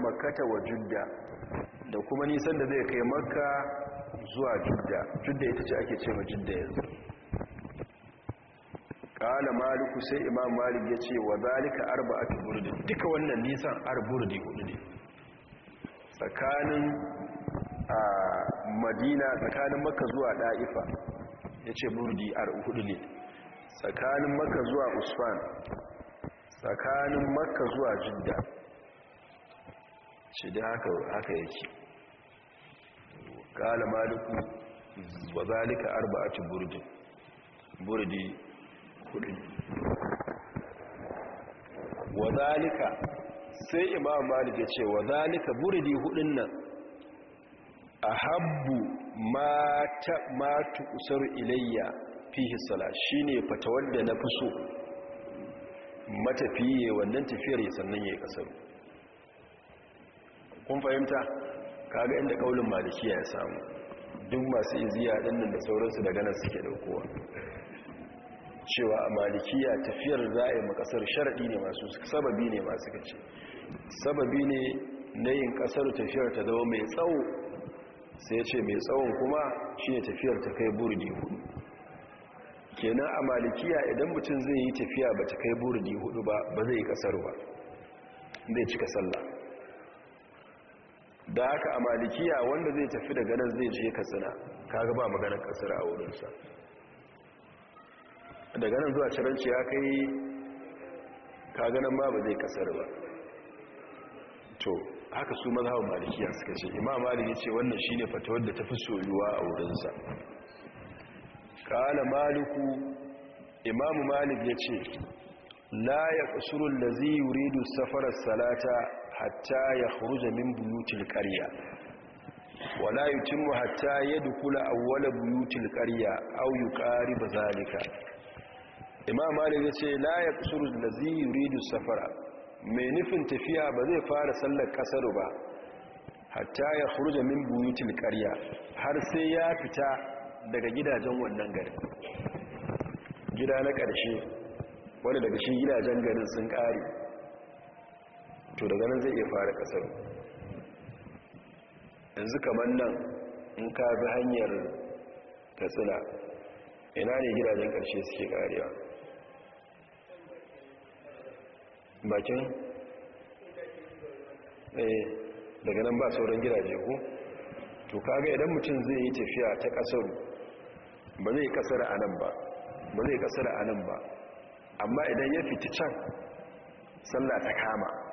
wa judda da kuma nisan da zai kai maka zuwa judda judda ita ce ake ce ma judda yanzu kala maliku sai imam malik ya ce wa zalika ta burdi duka wannan nisan arburdi hudu ne tsakanin a madina tsakanin makka zuwa da'ifa ya ce burdi ar hudu ne tsakanin makka zuwa usman tsakanin makka zuwa jidda shi da haka yake kala maliku wa zalika arba'atu burdi burdi kudi wa zalika sai imam malik ya ce wa zalika burdi hudun nan ahabbu ma ta ma tuqsaru ilayya fihi sala shine fatawar da na fi so matafiye wannan tafiyar sannan yayi kasaru kun fahimta kaga inda kaulin malikiya ya samu duk masu iziya dinnan da sauransu daga nan suke daukowa cewa a malikiya tafiyar za a yi makasar sharaɗi ne masu sababi ne masu kace sababi ne na yin ƙasar tafiyar ta zama mai tsawo sai ce mai tsawon kuma shi ne tafiyar ta kai burdi hudu kenan a malikiya idan mutum zai yi tafiya ba ta kai burdi hudu ba ba zai yi ƙasar ba zai cika sallah da haka a malikiya wanda zai tafi daga nan zai je katsina ka ba maganar kasar a wurinsa daga nan zuwa ciranci ya kai ka ganin ba ba zai kasar ba to haka su a malikiya suka ce imam malik ya ce wannan shine fatawar da tafi soyuwa a wurinsa kala maliku imamu malik ya ce la ya kusurun da zai yuridu safarar salata hatta ya huruza min buyutul ƙarya wala yutimmu hatta yadkhula awwala buyutil qarya aw yuqariba zalika imam malik yace la yaqsuru allazi yuridu safara mai nufin tafiya ba zai fara sallar kasar ba hatta ya khuruja min buyutil qarya har sai ya fita daga gidajen wannan garin gida na ƙarshe wanda daga shi gidajen garin sun ƙare to daga nan zai iya fara kasar yanzu kamar nan in ka bi hanyar katsina ina ne gidajen ƙarshe suke ƙariya bakin eh, daga nan ba sauran gidaje ko to kaga idan mutum zai yi tafiya ta ƙasar ba zai ƙasar a nan ba ba zai ƙasar a nan ba amma idan ya fita can sallah ta kama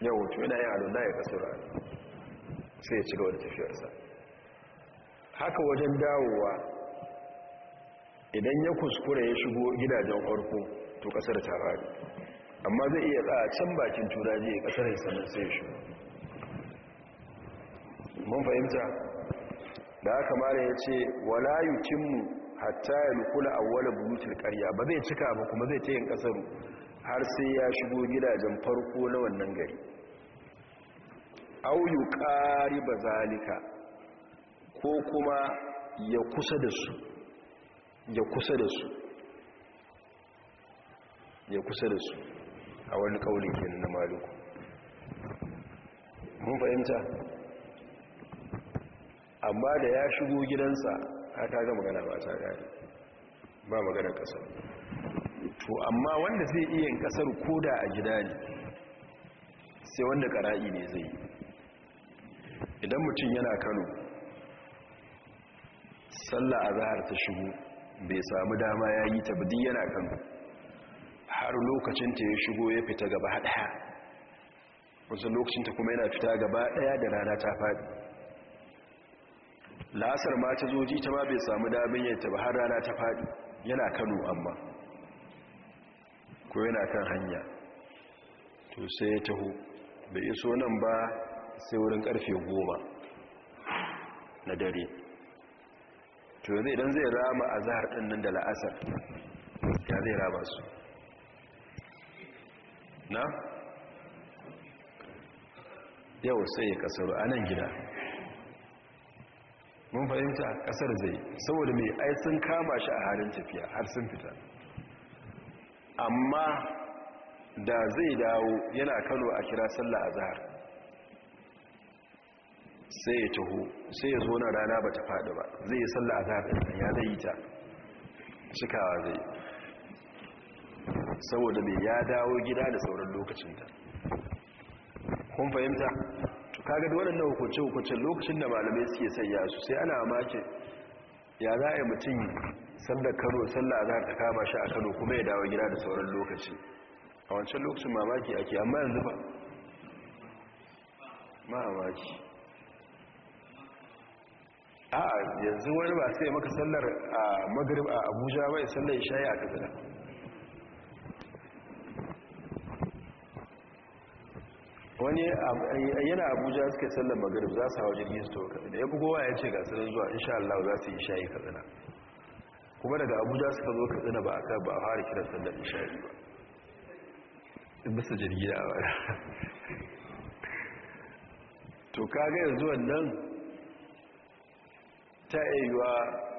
yau wato yana yin alwala ya kasura sai ya ci gaba da tafiyarsa haka wajen dawowa idan ya kuskure ya shigo gidajen farko to kasar ta rari amma zai iya tsaya can bakin turaji a kasar yin sannan sai ya shigo mun fahimta da haka mara ya ce wala yukinmu hatta ya lukula wala bulutul karya ba zai cika ba kuma zai ce yin kasaru har sai ya shigo gidajen farko na wannan gari auyu ƙari ba zalika ko kuma ya kusa da su ya kusa da su ya kusa da su a wani ƙaunin kenan na maluku mun fahimta amma da ya shigo gidansa haka ga magana ba ta gari ba magana ƙasa to amma wanda zai iya kasar koda a gida ne sai wanda kara'i ne zai idan mutum yana kano sallah a zahar ta shigo bai samu dama ya yi tabdi yana kano har lokacin ta ya shigo ya fita gaba haɗa wasu lokacin ta kuma yana fita gaba ɗaya da rana ta faɗi la'asar ma ta zoji ta ma bai samu damin yadda ba har rana ta faɗi yana kano amma ko yana kan hanya to sai ya taho bai iso nan ba sai wurin karfe goma na dare to zai idan zai rama a zahar ɗannan da la'asar ya zai rama su na yau sai ya kasaru a nan gida mun fahimta kasar zai saboda mai ai sun kama shi a halin tafiya har sun fita amma da zai dawo yana kano a kira sallah a zahar sai ya taho sai ya zo na rana ba ta faɗi ba zai yi sallah a zahar ya zai yi ta cikawa zai saboda mai ya dawo gida da sauran lokacinta kun fahimta kaga da waɗannan hukunce-hukuncen lokacin da malamai suke sanya su sai ana makin ya za a yi mutum sanda karo sallah za ta kama shi a kano kuma ya dawo gida da sauran lokaci a wancan lokacin mamaki ake amma yanzu ba mamaki a yanzu wani ba sai maka sallar a magrib a abuja ba ya sallar shayi a katsina wani yana abuja suka sallar magrib za su hawa jirgin su to da ya kogowa ya ce ga sanar zuwa insha Allah za su yi shayi katsina kuma daga abuja suka zo ka tsina ba a ba a fara kiran sallar isha'i ba in bisa jirgi a bada to kaga yanzu wannan ta yiwuwa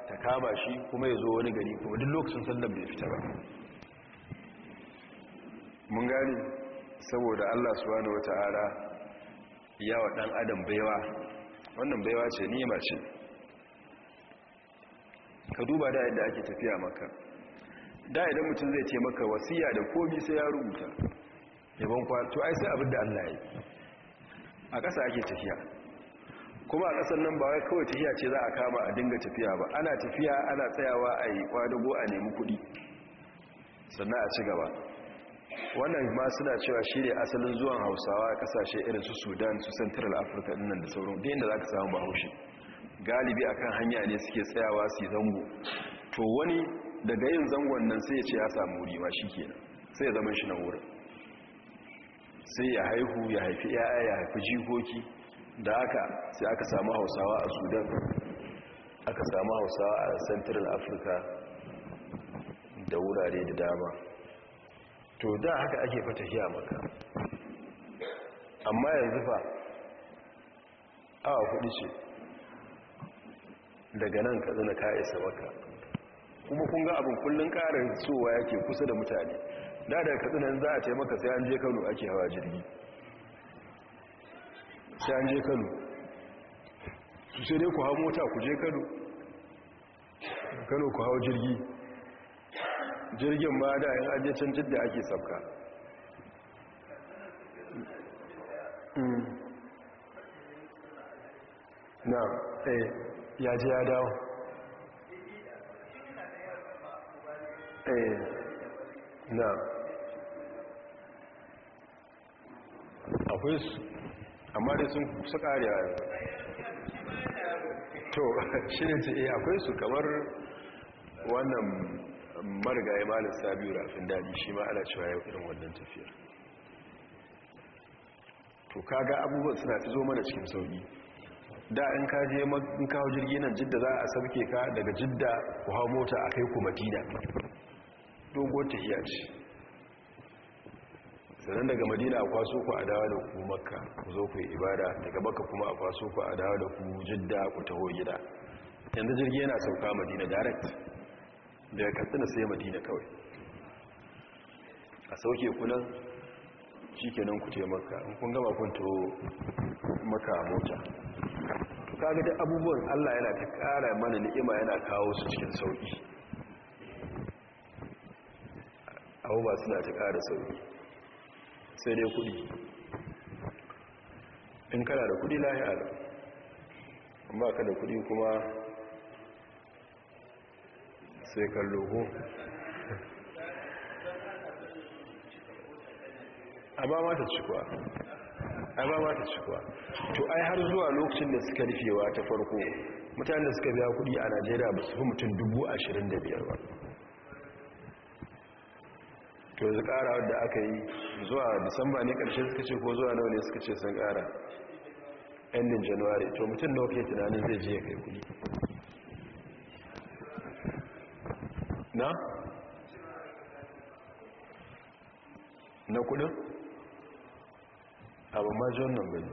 ta kama shi kuma ya zo wani gari kuma duk lokacin sallar bai fita ba mun gani saboda allah subhanahu wata'ala ya wa dan adam baiwa wannan baiwa ce ma ce ka duba da yadda ake tafiya maka da idan mutum zai ce maka wasiya da komi sai ya rubuta yaban kwato ai sai abin da Allah ya yi a ƙasa ake tafiya kuma a ƙasar nan ba wai kawai tafiya ce za a kama a dinga tafiya ba ana tafiya ana tsayawa a yi kwadago a nemi kuɗi sannan a ci gaba wannan ma suna cewa shi ne asalin zuwan hausawa a ƙasashe irin su sudan su central africa ɗin nan da sauran da yadda za ka samu bahaushe galibi akan hanya ne suke tsayawa su zango to wani daga yin zangon nan sai ya ce ya samu riwa shi kenan sai ya zama shi na wurin sai ya haihu ya haifi yaya ya haifi jikoki da haka sai aka samu hausawa a sudan aka samu hausawa a central africa da wurare da dama to da haka ake fatahiya maka amma yanzu fa awa kudi ce daga nan ka zana ka isa maka kuma kun ga abin kullun karin tsowa yake kusa da mutane da daga katsinan za a taimaka sai an je kano ake hawa jirgi sai an je kano su sai dai ku hau mota ku je kano kano ku hau jirgi jirgin ma da yin ajiyacin jidda ake sabka hmm. na eh ya je ya dawo eh, na akwai su amma dai sun su kare a to shi ne ce eh, akwai su kamar wannan marigayi malin sabiyu rafin daji shi ma ana cewa yau irin wannan tafiyar to kaga abubuwan suna fi zo mana cikin sauƙi. da in ka je in kawo jirgi nan jidda za a sauke ka daga jidda ku hau mota a kai ku madina dogon tafiya ce sannan daga madina a kwaso ku a dawa da ku makka ku zo ku yi ibada daga makka kuma a kwaso ku a dawa da ku jidda ku taho gida yanzu jirgi yana sauka madina direct daga katsina sai madina kawai a sauke ku nan shi kenan ku ce makka in kun gama kun to maka mota kaga da abubuwan Allah yana ta ƙara mana ni'ima yana kawo su cikin abu abubuwa suna ta ƙara sauki sai dai kuɗi in kana da kuɗi lahi ala amma ka da kuɗi kuma sai kallo ko a ba mata cikuwa amma ba ta cikuwa to ai har zuwa lokacin da suka rufewa ta farko mutane da suka biya kudi a najeriya ba su fi mutum 25,000 ba to yanzu kara wadda aka yi zuwa disamba ne karshe suka ce ko zuwa nawa ne suka ce sun kara endin januari to mutum nawa ke tunanin zai je ya kai kudi na? na kudin? kama maji wannan bane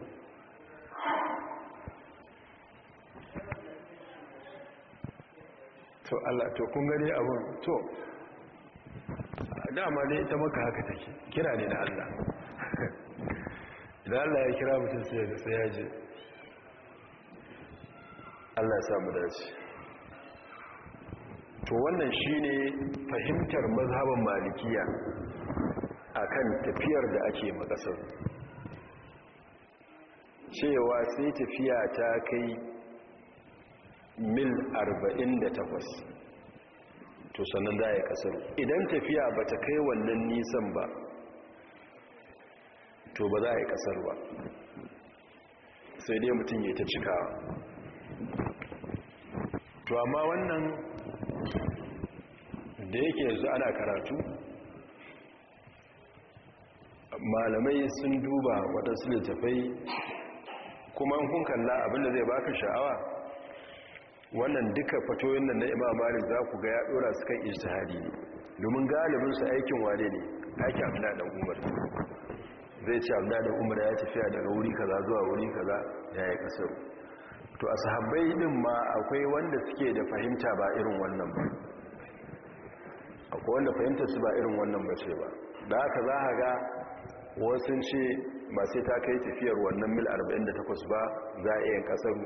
to Allah to kun gani abun to dama ne ita maka haka take kira ne da Allah idan Allah ya kira mutum sai ya sai ya je Allah ya samu dace to wannan shine fahimtar mazhaban malikiya akan tafiyar da ake makasar cewa sai tafiya ta kai mil 48 to sannan za a yi kasar idan tafiya ba ta kai wannan nisan ba to ba za a yi kasar ba sai dai mutum ya ta cika to amma wannan da yake yanzu ana karatu malamai sun duba waɗansu littafai kuma hun kalla abinda zai baka sha'awa wannan duka fatoyin nan na imam malik za ku ga ya dora su kan ijtihadi domin galibin su aikin wane ne aikin abna dan umar zai ce abna dan umar ya tafiya daga wuri kaza zuwa wuri kaza ya yi kasar to a sahabbai din ma akwai wanda suke da fahimta ba irin wannan ba akwai wanda fahimta su ba irin wannan ba ce ba da haka za a ga wasu ce ba sai ta kai tafiyar wannan mil 48 ba za a iya kasar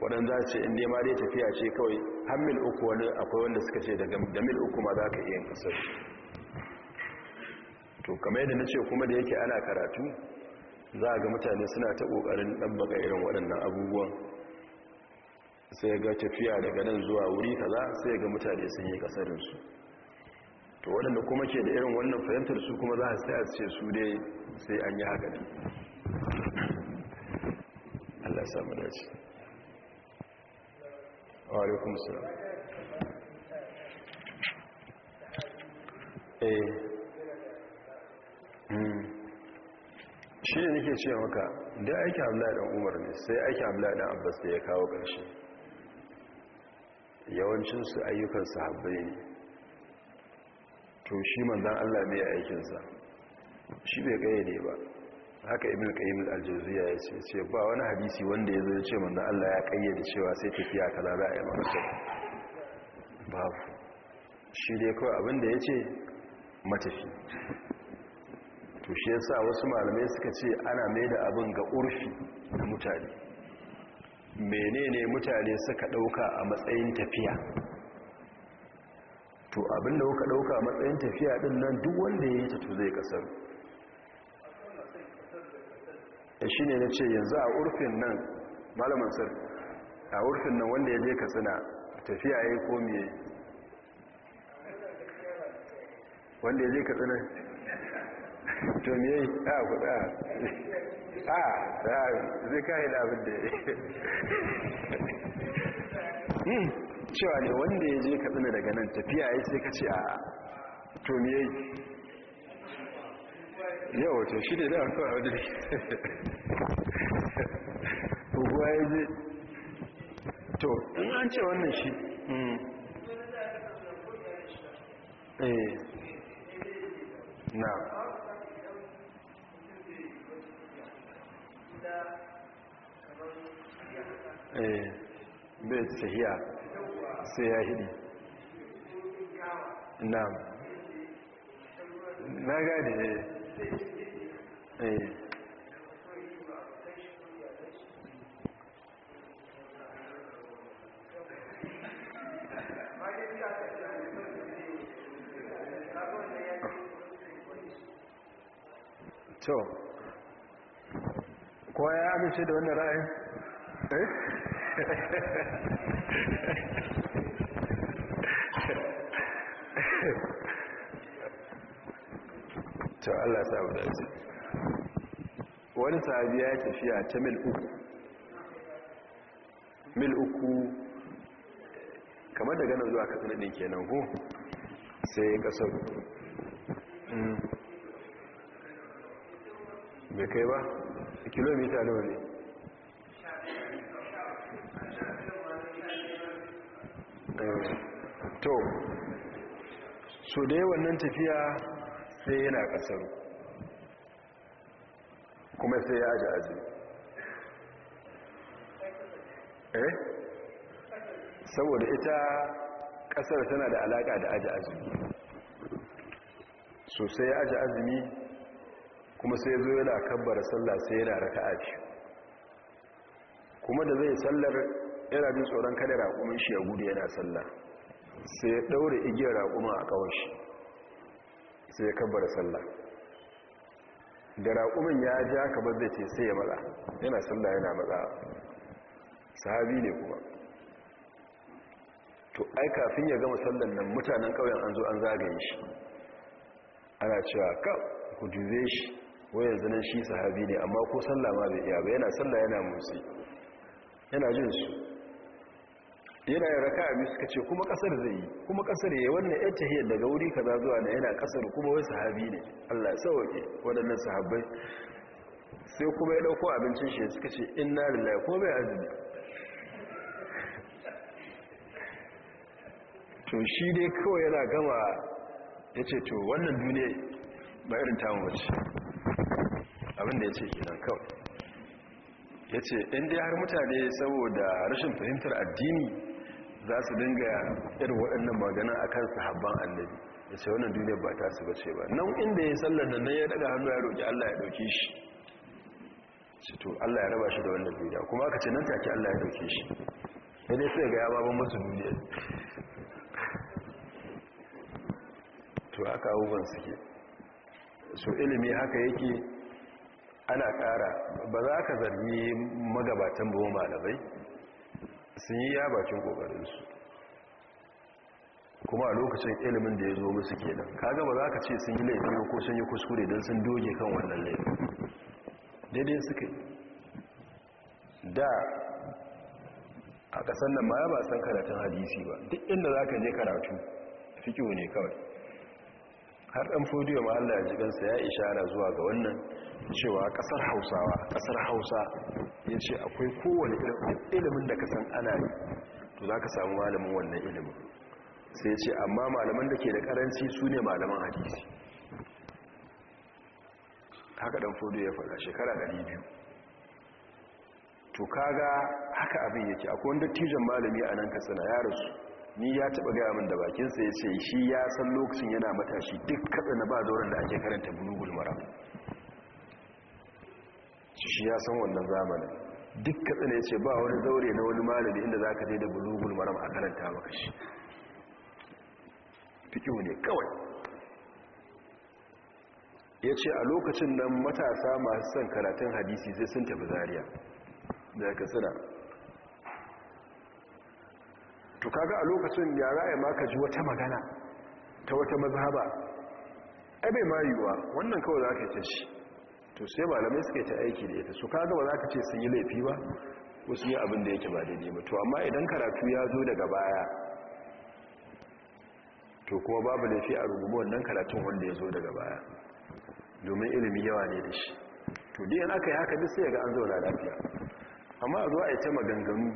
waɗanda ce in ma dai tafiya ce kawai har mil uku wani akwai wanda suka ce da mil uku ma za ka iya kasar to kamar yadda na ce kuma da yake ana karatu za a ga mutane suna ta ƙoƙarin baka irin waɗannan abubuwan sai ga tafiya daga nan zuwa wuri kaza sai ga mutane sun yi kasarinsu to waɗanda kuma ke da irin wannan fahimtar su kuma za a sai a ce su dai sai an yi haka Allah samu dace wa kuma su E, shi ne nake ce maka da aiki hamla dan umar ne sai aiki hamla dan abbas da ya kawo ƙarshe yawancinsu ayyukan sahabbai ne to shi manzan Allah a aikinsa shi bai ne ba haka ibn qayyim al-jawziya ya ce ce ba wani hadisi wanda ya zo ya ce manzan Allah ya kayyade cewa sai tafiya kaza za a yi maka babu shi dai kawai abin da ya ce matafi to shi yasa wasu malamai suka ce ana mai da abin ga urfi na mutane menene mutane suka dauka a matsayin tafiya to abinda kuka dauka matsayin tafiya din nan duk wanda ya yi ta zai kasar da eh, shi ne na ce yanzu a urfin nan malaman sar a urfin nan wanda ya je katsina tafiya ya yi komiye wanda ya je katsina to me yi a kuɗa a zai kayi labin da ya yi hmm. cewa ne wanda ya je katsina daga nan tafiya ya ce ka ce a tomiyai yau wata shi ne da kawai wajen ruwa ya je to in an ce wannan shi mm. eh. na eh bai sahiya sai ya iri na na gane eh, eh. to ya amince da wannan ra'ayin eh to Allah sa mu dace wani sahabi ya tafiya ta mil uku mil uku kamar daga nan zuwa katsina din kenan ko sai ya kasar hmm. bai kai ba kilomita nawa ne to so da yawan nan tafiya sai yana kasar kuma sai ya aji aji eh saboda ita kasar tana da alaka da aji azumi so sai ya aji azumi kuma sai zo yana kabbar sallah sai yana raka aji kuma da zai sallar yana bin tsoron kada raƙumin shi ya gudu yana sallah sai ya ɗaure igiyar raƙumin a kawai shi sai ya kabbar sallah da raƙumin ya ja ka ba ce sai ya matsa yana sallah yana matsa sahabi ne kuma to ai kafin ya gama sallan nan mutanen ƙauyen an zo an zagaye shi ana cewa ka ku shi wai yanzu shi sahabi ne amma ko sallah ma bai iya ba yana sallah yana motsi yana jin su yana yin raka abin suka ce kuma kasar zai yi kuma kasar ya wannan ya tahiyar daga wuri kaza zuwa na yana kasar kuma wai sahabi ne allah ya sauke waɗannan sahabbai sai kuma ya ɗauko abincin shi suka ce inna lillahi ko bai azumi to shi dai kawai yana gama ya ce to wannan duniya ba irin tamu wace abinda ya ce kenan kawai ya ce in dai har mutane saboda rashin fahimtar addini za su dinga irin waɗannan magana a kan sahabban annabi da sai wannan duniya ba ta su bace ba nan inda ya sallar nan ya daga hannu ya roƙi allah ya ɗauke shi su to allah ya raba shi da wannan duniya kuma aka ce nan take allah ya ɗauke shi ya dai sai ga ya baban masu duniya to haka abubuwan suke so ilimi haka yake ana ƙara ba za ka zargi magabatan bu malamai sun yi ya bakin ƙoƙarinsu kuma a lokacin ilimin da ya zo musu ke nan, kaga ba za ka ce sun yi laifi ko sun yi kuskure don sun doge kan wannan laifin daidai suka da a ƙasar nan ma ya ba san karatun hadisi ba duk inda za ka je karatu fikiyo ne kawai har ɗan fodiyo ma ya ji ya ishara zuwa ga wannan cewa kasar hausawa kasar hausa ya ce akwai kowane ilimin da kasan san ana yi to za ka samu malamin wannan ilimin sai ce amma malaman da ke da karanci su ne malaman hadisi haka dan fodo ya faɗa shekara 200 to kaga haka abin yake akwai wanda tijan malami a nan katsina ya rasu ni ya taɓa gaya min da bakinsa ya ce shi ya san lokacin yana matashi duk katsina ba zauren da ake karanta bulugul mara shi ya san wannan zamanin duk katsina ya ce ba wani zaure na wani malami inda za ka je da bulugul maram a karanta maka shi fikiyu ne kawai ya ce a lokacin nan matasa masu son karatun hadisi sai sun tafi zariya da katsina to kaga a lokacin ya ra'ayi maka ji wata magana ta wata mazhaba ai bai wannan kawai za ka ce shi to sai malamai suka ta aiki da ita su kaga ba za ka ce sun yi laifi ba ko sun yi abin da yake ba daidai ba to amma idan karatu ya zo daga baya to kuma babu laifi a rububu wannan karatun wanda ya zo daga baya domin ilimin yawa ne da shi to dai aka yi haka duk sai ga an zauna lafiya amma a zo a yi ta maganganu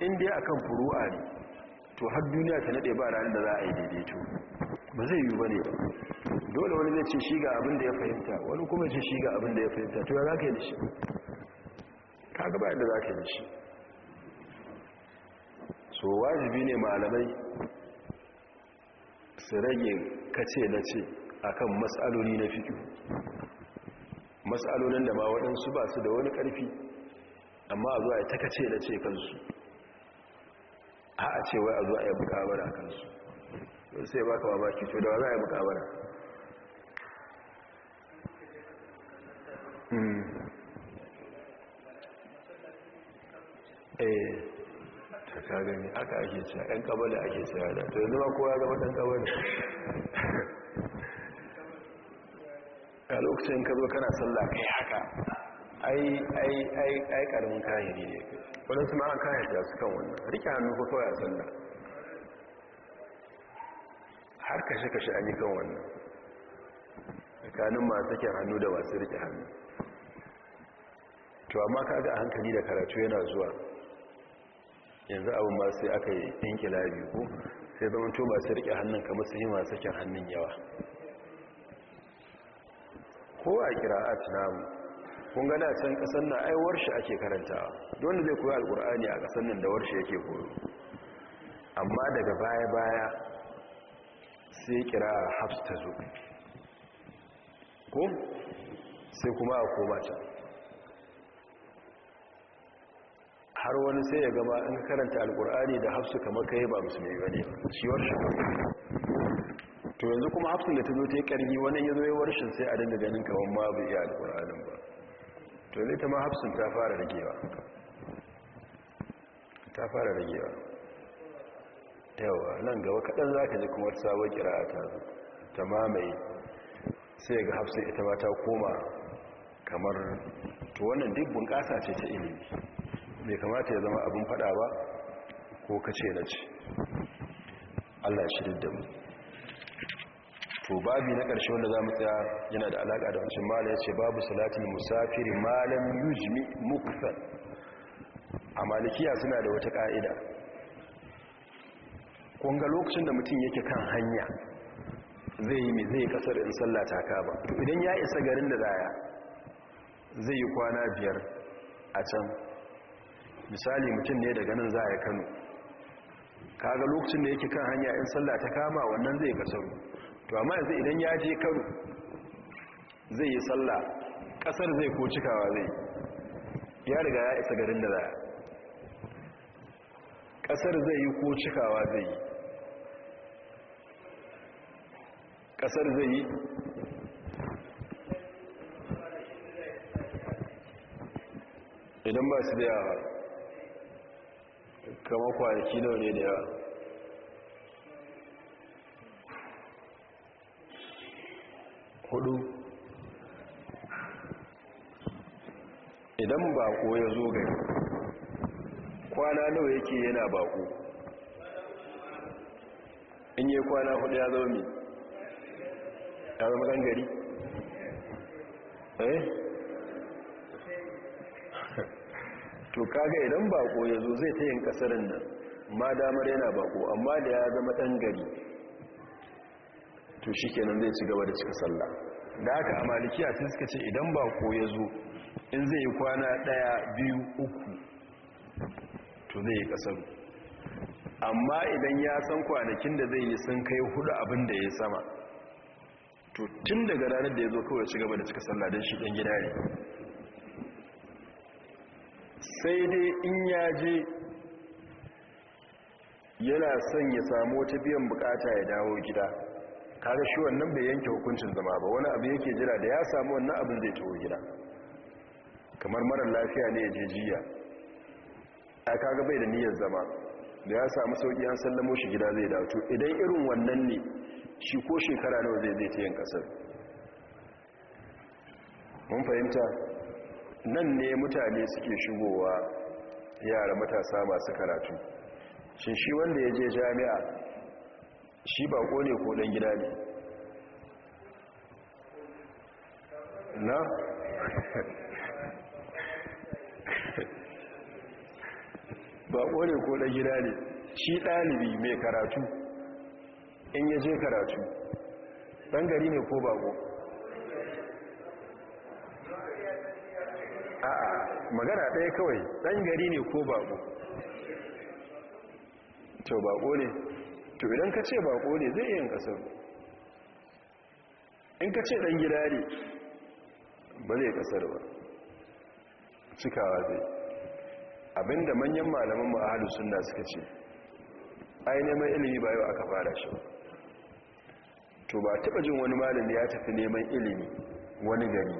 in dai akan furu'a ne to har duniya ta nade ba ranar da za a yi daidaito ba zai yi ba ne ba dole wani zai ce shi ga abin da ya fahimta wani kuma ce shi ga abin da ya fahimta to ya za ka yi da shi ka gaba yadda za ka yi da shi so wajibi ne malamai su rage kace na ce akan matsaloli na fiƙi matsalolin da ma waɗansu ba su da wani ƙarfi amma a zuwa ya ta kace na ce kansu a a ce wai a zuwa ya buƙa bara kansu sai ba ka mamaki to da za a yi mukabara hmm. eh ta ka gani aka ake cewa ɗan kabali ake cewa da to yanzu ba kowa ya zama ɗan kabali a lokacin ka zo kana sallah kai haka ai ai ai ai karamin kahiri ne wadansu ma'an kayan da su kan wannan rike hannu ko kawai a sallah har kashe-kashe an yi kan wannan tsakanin masu sakin hannu da masu rike hannu to amma ka ga hankali da karatu yana zuwa yanzu abin ba sai aka yi inkila labi ko sai zama to masu rike hannun kamar su yi masu sakin hannun yawa ko a kira'at namu kun gada can kasan na ai warshe ake karantawa don zai koya alkur'ani a kasan nan da warshe yake koyo amma daga baya-baya sai kira hafs ta zo ko sai kuma a koma ta har wani sai ya gaba in karanta alkur'ani da hafsu kamar ka yi ba musulmi ba ne shiwar shi to yanzu kuma hafsun da ta zo ta yi ƙarfi wani ya zo wani warshin sai a dinda ganin kawan ma bai iya alkur'anin ba to zai ta ma hafsun ta fara ragewa ta fara ragewa yawa nan gaba kaɗan za ka ji kuma sabon kira ta zo ta mamaye sai ga hafsa ita mata ta koma kamar to wannan duk bunƙasa ce ta ilimi bai kamata ya zama abin faɗa ba ko kace na ce allah shi da mu to babi na ƙarshe wanda za mu tsaya yana da alaƙa da wancan mala ya ce babu salatin musafiri malam yujmi mukfal a malikiya suna da wata ƙa'ida kunga lokacin da mutum yake kan hanya zai yi zai kasar in sallah ta ba idan ya isa garin da zaya zai yi kwana biyar a can misali mutum ne daga nan zaya kano kaga lokacin da yake kan hanya in sallah ta kama wannan zai kasar to amma yanzu idan ya je kano zai yi sallah kasar zai ko cikawa zai ya riga ya isa garin da zaya kasar zai yi ko cikawa zai yi kasar zai yi idan ba su da yawa kama kwanaki nawa ne da yawa hudu idan bako ya zo gari kwana nawa yake yana bako in yi kwana hudu ya zo mai ya zama ɗan gari eh to kaga idan bako ya zo zai ta yin kasarin nan ma damar yana bako amma da ya zama dangari. gari to shi kenan zai ci gaba da cika sallah da haka a malikiya sun suka ce idan bako ya zo in zai yi kwana ɗaya biyu uku to zai yi kasaru amma idan ya san kwanakin da zai yi sun kai hudu abin da ya sama to tun daga ranar da ya zo kawai ci gaba da cika sallah don shi ɗan gida ne sai dai in ya je yana son ya samu wata biyan bukata ya dawo gida kaga shi wannan bai yanke hukuncin zama ba wani abu yake jira da ya samu wannan abin zai tawo gida kamar marar lafiya ne ya je jiya a kaga bai da niyyar zama da ya samu sauƙi an sallamo shi gida zai dawo idan irin wannan ne shi ko shekara nawa zai zai ta yin kasar mun fahimta nan ne mutane suke shigowa yara matasa masu karatu shi shi wanda ya je jami'a shi ba ne ko dan gida ne na ba ne ko dan gida ne shi ɗalibi mai karatu in ya je karatu ɗan gari ne ko bako a'a magana ɗaya kawai ɗan gari ne ko bako to bako ne to idan ka ce bako ne zai yin ƙasar in ka ce ɗan gida ne ba zai ƙasar ba cikawa zai abinda manyan malaman ma'adu suna suka ce ainihin mai ilimi ba yau aka fara shi ba to ba taɓa jin wani malami ya tafi neman ilimi wani gari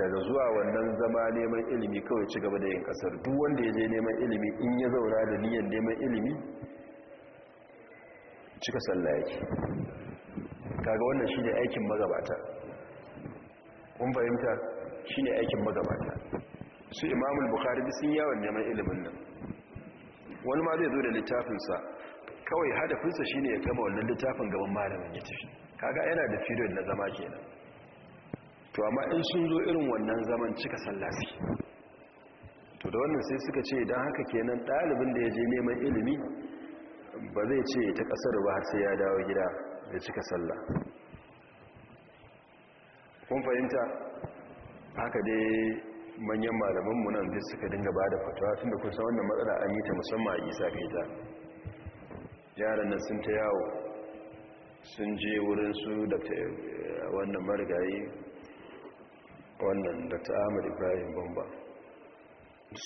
daga zuwa wannan zama neman ilimi kawai ci gaba da yin kasar duk wanda ya je neman ilimi in ya zaura da niyan neman ilimi cika sallah yake kaga wannan shi ne aikin magabata kun fahimta shi ne aikin magabata su imamul bukhari sun yawon neman ilimin nan wani ma zai zo da littafinsa kawai hadafinsa shi ne ya kama wannan littafin gaban malamin ya tafi kaga yana da period na zama kenan to amma in sun zo irin wannan zaman cika sallasi to da wannan sai suka ce don haka kenan ɗalibin da ya je neman ilimi ba zai ce ta ƙasar ba sai ya dawo gida da cika sallah kun fahimta haka dai manyan malamanmu nan duk suka dinga ba da fatawa tun da kusa wannan matsala an yi ta musamman a isa kai ta yaran nan sun ta yawo sun je wurin su da eh, wannan marigayi wannan da ta amur ibrahim bamba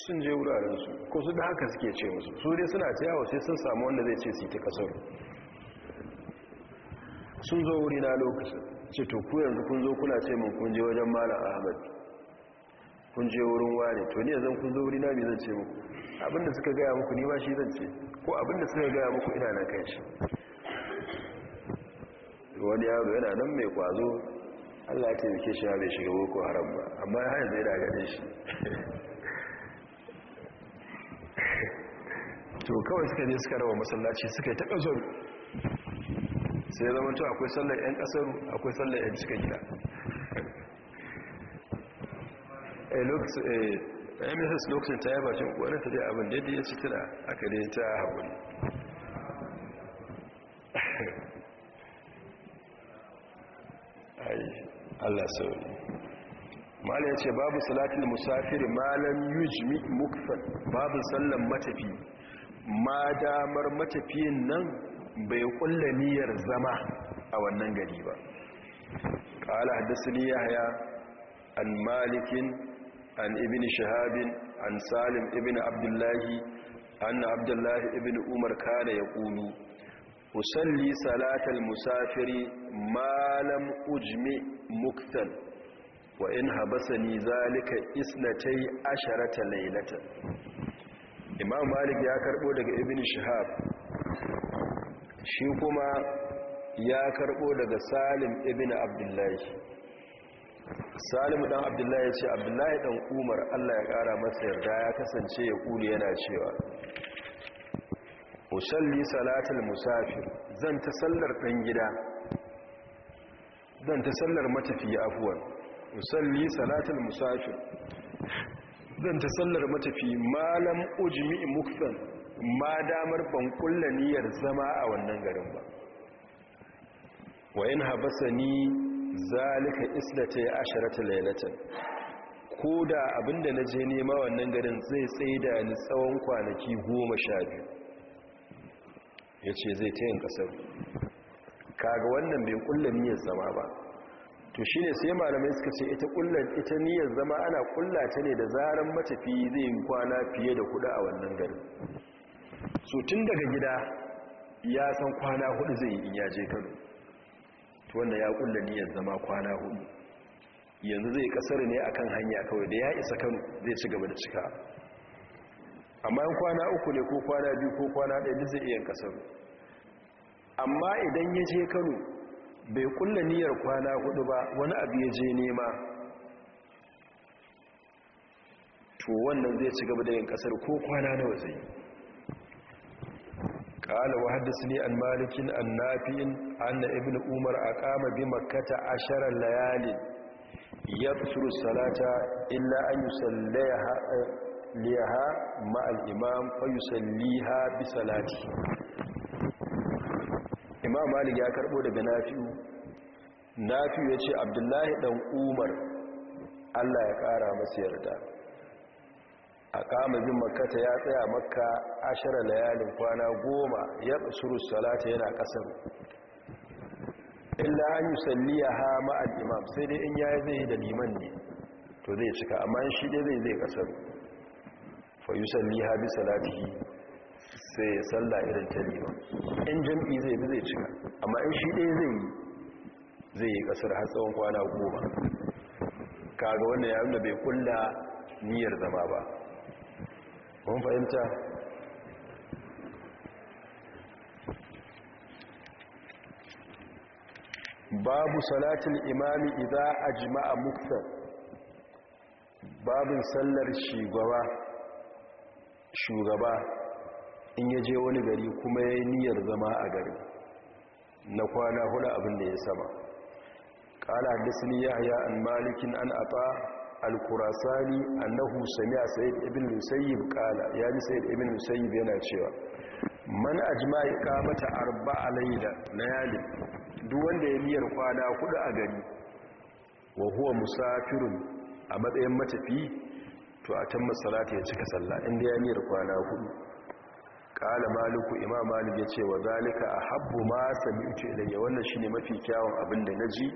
sun je wurarensu ko su da haka suke ce musu su dai suna ta yawo sai sun samu wanda zai ce su ta kasar sun zo wuri na lokacin ce to ku yanzu kun zo kuna ce mun kun je wajen malam ahmad kun je wurin ware to ne zan kun zo wuri na mai zan ce muku abinda suka gaya muku ni ba shi zan ce ko abinda suka gaya muku ina na kan shi wani yaro yana nan mai kwazo allah ya taimake shi bai shiga boko haram ba amma ya hanyar zai da gane shi to kawai suka ne suka rawa masallaci suka yi ta ƙasar sai zama to akwai sallar 'yan ƙasar akwai sallar 'yan cikin gida a eh, lokacin eh, ya yi mrs lokacin ta yi bakin ta dai abin da ya ci tana a kare ta haƙuri ai allah sauri mala ya ce babu salatin musafir malam yujmi mukfan babu sallan matafi ma damar matafiyin nan bai kulla niyyar zama a wannan gari ba قال حدثني يحيى an malikin an ibn shahabin an salim ibn abdullahi an abdullahi ibn umar kana ya ƙulu usalli salatal musafiri malam ujmi muktal wa in habasani zalika isnatai asharata lailatan imam malik ya karbo daga ibn shahab shi kuma ya karbo daga salim ibn abdullahi salimu dan abdullahi ya ce abdullahi dan umar allah ya kara masa yarda ya kasance ya kuli yana cewa usalli salatul musafir zan ta sallar dan gida zan ta sallar matafiya afwan usalli salatul musafir zan ta sallar matafi malam ujmi muktan ma damar ban kulla niyyar zama a wannan garin ba wa in habasani zalika islata ya asharata lailatan ko da abinda na je nema wannan garin zai tsaida ni tsawon kwanaki goma sha biyu ya ce zai ta yin kasar kaga wannan bai kulla niyyar zama ba to shi ne sai malamai suka ce ita niyyar zama ana ƙulla ta ne da zaren matafi zai yi kwana fiye da kuɗa a wannan garin so tun daga gida ya san kwana hudu zai yi in yaje kano wanda ya kulla niyyar zama kwana hudu yanzu zai kasar ne akan hanya kawai da ya isa kano zai ci gaba da cika amma yan kwana uku ne ko kwana biyu ko kwana ɗaya duk zai iya kasar amma idan ya je kano bai kulla niyyar kwana hudu ba wani abu ya je nema to wannan zai ci gaba da yin kasar ko kwana nawa zai yi qala wa haddathani an malikin an nafi'in anna ibnu umar aqama bi makkata ashara layali yabsuru salata illa an yusallaha ma al imam fa bi salati imam malik ya karbo daga nafi'u ya ce abdullahi dan umar Allah ya ƙara masa a kama bin makata ya tsaya makka ashirar layalin kwana goma ya kusuru salata yana kasar illa an yi salliya ha ma'ad imam sai dai in ya yi zai da liman ne to zai cika amma in shi dai zai zai kasar fa yi salliya bi salatihi sai ya salla irin ta liman in jam'i zai bi zai cika amma in shi dai zai yi zai yi kasar har tsawon kwana goma kaga wannan ya da bai kulla niyyar zama ba kun fahimta babu salatin imami idan a jima'a muktar babin sallar shugaba shugaba in ya je wani gari kuma ya yi niyyar zama a gari na kwana hula abin da ya sama قال حدثني يحيى an malikin an عطاء al-kurasani annahu sami'a sayyid ibn musayyib qala ya ji sayyid ibn musayyib yana cewa man ajma iqamata arba'a layla layali duk wanda ya miyar kwana kudu a gari wa huwa musafirun a matsayin matafi to a tamma salati ya cika sallah inda ya miyar kwana kudu Ƙala maliku imam malik ya ce wa zalika ahabbu ma sami'tu ilayya wannan shine mafi kyawun abin da naji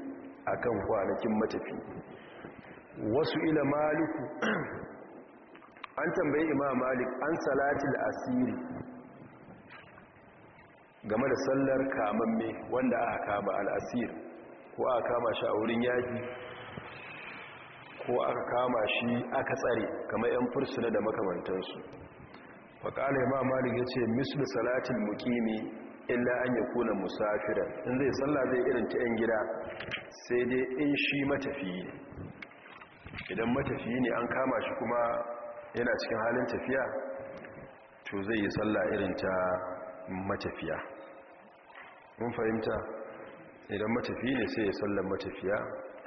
akan kwanakin matafi wasu ila maliku an tambayi imam malik an salatul asiri game da sallar kamamme wanda aka kama al'asir ko aka kama shi a wurin yaji ko aka kama shi aka tsare kamar 'yan fursuna da makamantansu faƙala imam malik ya ce misli salatin mukimi illa an ya kuna musafiran, in zai salla zai irin 'yan gida sai dai in shi matafiye idan matafiya ne an kama shi kuma yana cikin halin tafiya to zai yi sallah irin ta matafiya mun fahimta idan matafiya ne sai ya sallar matafiya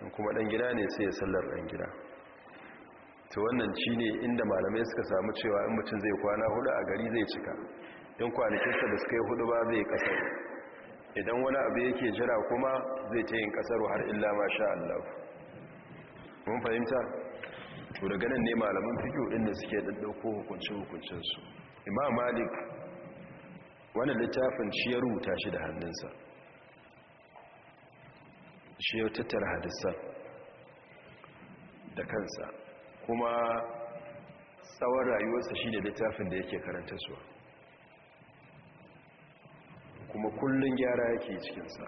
in kuma ɗan gida ne sai ya sallar ɗan gida to wannan shi ne inda malamai suka samu cewa in mutum zai kwana hudu a gari zai cika in kwanakinsa da suka yi hudu ba zai kasar idan wani abu yake jira kuma zai ta yin kasar har illa masha Allah mun fahimta to daga nan ne malaman fiqh din da suke daddauko hukuncin hukuncinsu imam malik wani littafin shi ya rubuta shi da hannunsa shi ya tattara hadisan da kansa kuma tsawon rayuwarsa shi ne littafin da yake karanta suwa kuma kullum gyara yake cikinsa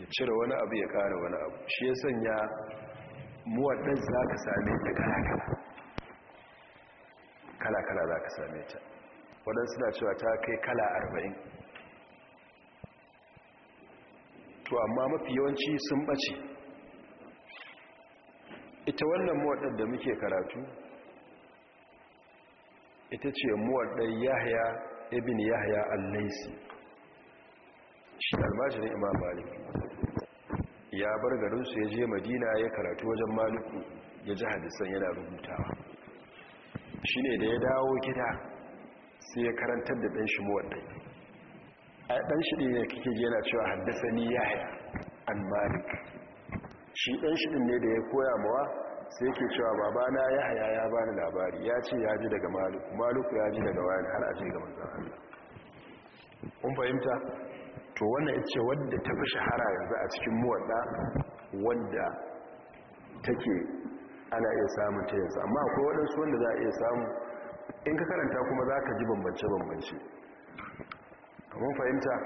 ya cire wani abu ya kara wani abu shi ya sanya muwaɗin za ka same ta kala-kala kala-kala za ka same ta waɗansu na cewa ta kai kala arba'in to amma mafi yawanci sun ɓace ita wannan muwaɗin da muke karatu ita ce muwaɗin yahya ibn yahya al-laisi shi almajirin imam malik ya bar garinsu ya je madina ya karatu wajen maluku ya ji hadisan yana rubutawa shi ne da ya dawo gida sai ya karantar da ɗan shi muwaɗai a ɗan shi ne kike yana cewa haddasa ni ya haya an malik shi ɗan shi ne da ya koya mawa sai ke cewa babana ya haya ya bani labari ya ce ya ji daga maluku maluku ya ji daga wani har a ce ga manzan Allah kun fahimta to wannan ya ce wadda ta fi shahara yanzu a cikin muwadda wadda take ana iya samun ta yanzu amma akwai waɗansu wanda za a iya samu in ka karanta kuma za ka ji bambance-bambance kamar fahimta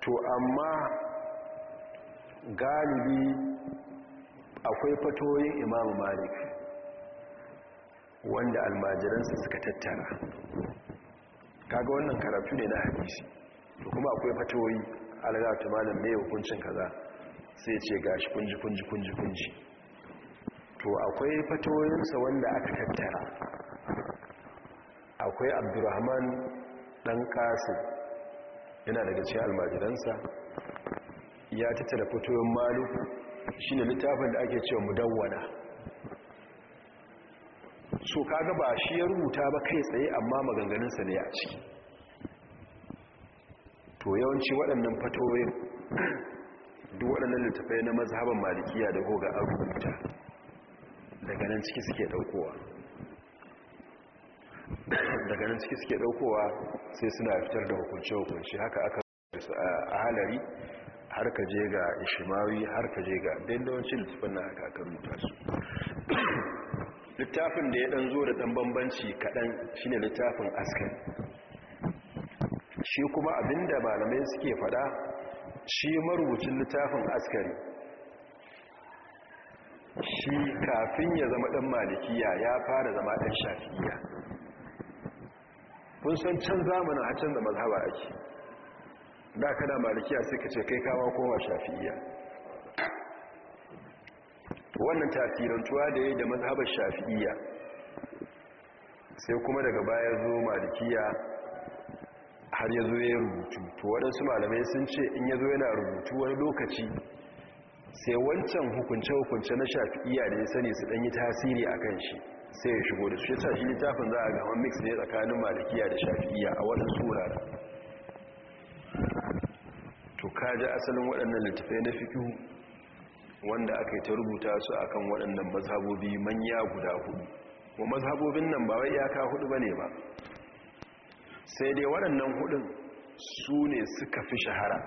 to amma galibi akwai fatoyin imamu malik wanda almajiransa suka tattara kaga wannan karatu ne na hadisi da kuma akwai fatoyi alaga ta malam mai hukuncin kaza sai ce gashi kunji kunji kunji kunji to akwai fatoyinsa wanda aka tattara akwai abdurrahman dan kasu yana daga cikin almajiransa ya tattara fatoyin malu shine littafin da ake cewa mudawwana so kaga ba shi ya rubuta ba kai tsaye amma maganganunsa ne a ciki to yawanci waɗannan fatoyin duk waɗannan littafai na mazhaban malikiya da goga an rubuta daga nan ciki suke ɗaukowa daga nan ciki suke ɗaukowa sai suna fitar da hukunce-hukunce haka aka su a halari har ka je ga ishimawi har ka je ga dandamancin littafin na haka aka rubuta su littafin da ya ɗan zo da ɗan bambanci kaɗan shine littafin askan shi kuma abinda malamai suke fada shi marubucin littafin askari shi kafin ya zama ɗan malikiya ya fara zama ɗan shafiya kun san can zamanin a can da mazhaba ake da kana malikiya sai ka ce kai kawo kowa shafiya wannan tasirantuwa da ya yi da mazhabar shafiya sai kuma daga baya zo malikiya har ya zo ya rubutu to waɗansu malamai sun ce in ya zo yana rubutu wani lokaci sai wancan hukunce-hukunce na shafi'iya da ya sani su ɗanyi tasiri a kan shi sai ya shigo da su ya shi littafin za a gama mix ne tsakanin malakiya da shafi'iya a waɗansu wuraren to kaji asalin waɗannan littafai na fikihu wanda aka yi ta rubuta su a kan waɗannan mazhabobi manya guda hudu wa mazhabobin nan ba wai iyaka hudu ba ne ba sai dai waɗannan hudun su ne suka fi shahara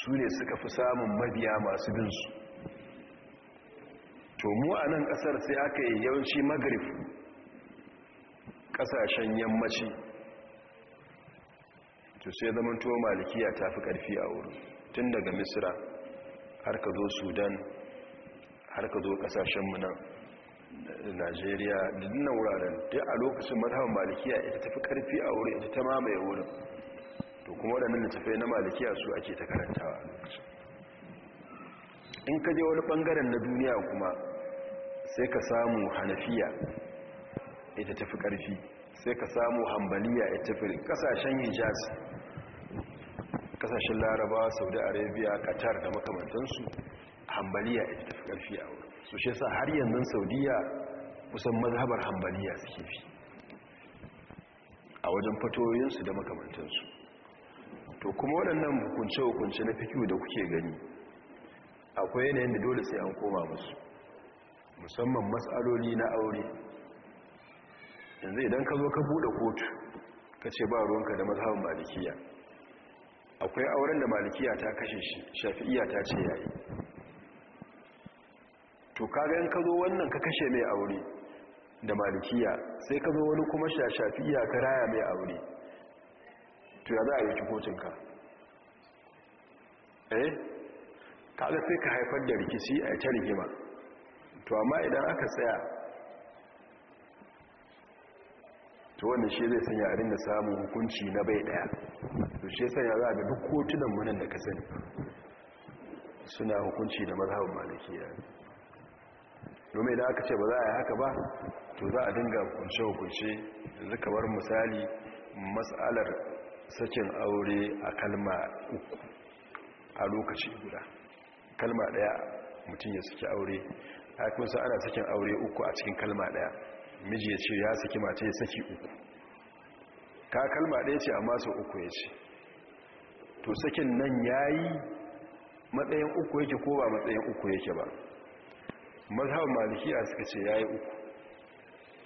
su ne suka fi samun mabiya masu binsu to mu a nan ƙasar sai aka yi yawanci magrib ƙasashen yammaci to sai zamanto malikiya ta fi ƙarfi a wuri tun daga misira har ka zo sudan har ka zo ƙasashenmu nan najeriya da dinnan wuraren duk a lokacin mazhaban malikiya ita tafi karfi a wurin ita ta mamaye wurin to kuma waɗannan tafai na malikiya su ake ta karantawa in ka je wani ɓangaren na duniya kuma sai ka samu hanafiya ita tafi karfi sai ka samu hambaliya ita tafi ƙasashen hijaz kasashen laraba saudi arabia qatar da makamantansu hambaliya ita tafi karfi a wurin su shi sa har yanzu saudiya kusan mazhabar hambaliya suke fi a wajen fatoyinsu da makamantansu to kuma waɗannan hukunce-hukunce na fikiyu da kuke gani akwai yanayin da dole sai an koma musu musamman matsaloli na aure yanzu idan ka zo ka buɗe kotu ka ce ba ruwanka da mazhabar malikiya akwai auren da malikiya ta kashe shi shafi'iya ta ce yayi to kaga in ka zo wannan ka kashe mai aure da malikiya sai ka zo wani kuma shashafiya ka raya mai aure to ya za a yi cikocinka eh kaga sai ka haifar da rikici a ita rigima to amma idan aka tsaya to wannan shi zai sanya abin da samun hukunci na bai daya to shi sanya za ga duk kotunan munan da ka sani suna hukunci da mazhabin malikiya domin idan aka ce ba za a yi haka ba to za a dinga kunshe kunce yanzu kamar misali matsalar sakin aure a kalma uku a lokaci guda kalma daya mutum ya saki aure a ana sakin aure uku a cikin kalma daya miji ya ce ya saki mace ya saki uku ka kalma daya ce amma sau uku ya ce to sakin nan ya yi matsayin uku yake ko ba matsayin uku yake ba mazhab a suka ce ya yi uku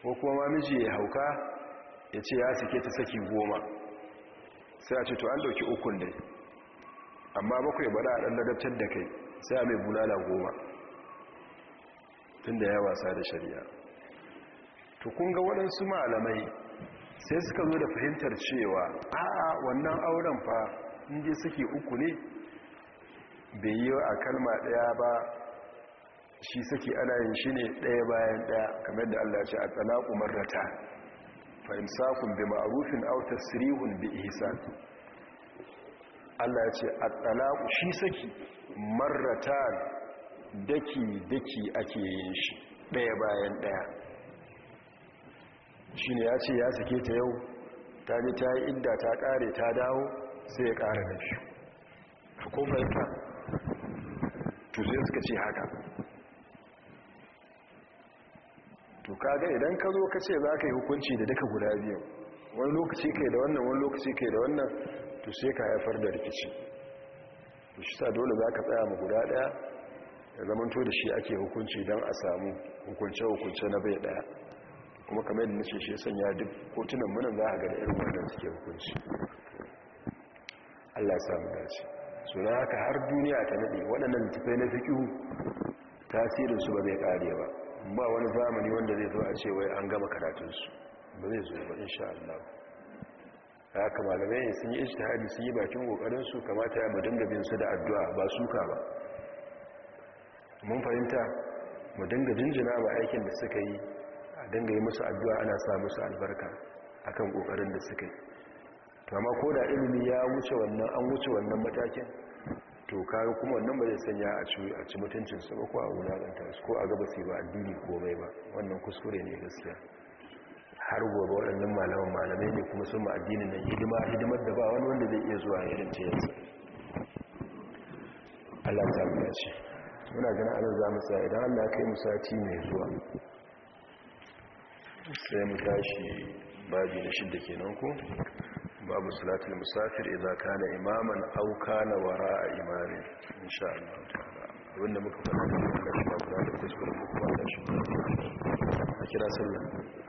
ko kuma ma miji ya hauka ya ce ya sake ta saki goma sai a ce to an dauki ukun dai amma bakwai bada a ɗan ladabtar da kai sai a mai bulala goma Tunda ya wasa da shari'a to kun ga waɗansu malamai sai suka zo da fahimtar cewa a'a wannan auren fa inda suke uku ne bai yi a kalma ɗaya ba shi saki ana yin shi ne ɗaya bayan ɗaya kamar da Allah ce a talaku marrata fa sakun bi ma'arufin autar sirihun bi isa. Allah ce a talaku shi saki marrata daki daki ake yin shi ɗaya bayan ɗaya ne ya ce ya sake ta yau ta ne ta yi idda ta ƙare ta dawo sai ya ƙara na shi ko fahimta to suka ce haka to kaga idan ka zo ka ce za ka yi hukunci da duka guda biyan wani lokaci ke da wannan wani lokaci ke da wannan to sai ka haifar da rikici to shi sa dole za ka tsaya ma guda daya ya zamanto da shi ake hukunci don a samu hukunce-hukunce na bai daya kuma kamar yadda nace shi sanya duk kotunan munan za a ga da irin wannan suke hukunci Allah ya samu dace so na haka har duniya ta nade waɗannan tafai na fiƙi tasirinsu ba zai ƙare ba ba wani zamani wanda zai zo a ce wai an gama karatunsu ba zai zo ba insha Allah haka sun yi ijtihadi sun yi bakin kokarin su kamata ya mu dinga bin su da addu'a ba suka ba mun fahimta mu dinga jinjina ba aikin da suka yi a dinga yi musu addu'a ana sa musu albarka akan kokarin da suka yi ko da ilimi ya wuce wannan an wuce wannan matakin to kaga kuma wannan ba zai sanya a ci mutuncin ba ko a wulaƙanta su ko a gaba su ba addini ko komai ba wannan kuskure ne gaskiya har gobe waɗannan malaman malamai ne kuma sun ma addinin nan hidima hidimar da ba wani wanda zai iya zuwa yadda ta yanzu Allah ta mu ce. muna ganin ana za mu tsaya idan Allah ya kai mu sati mai zuwa sai mu tashi babi na shidda kenan ko babu salatul musafir idan kana imaman aw kana wara'a imami insha Allah ta'ala muka fara da shi da kuskure ko da shi a kira sallah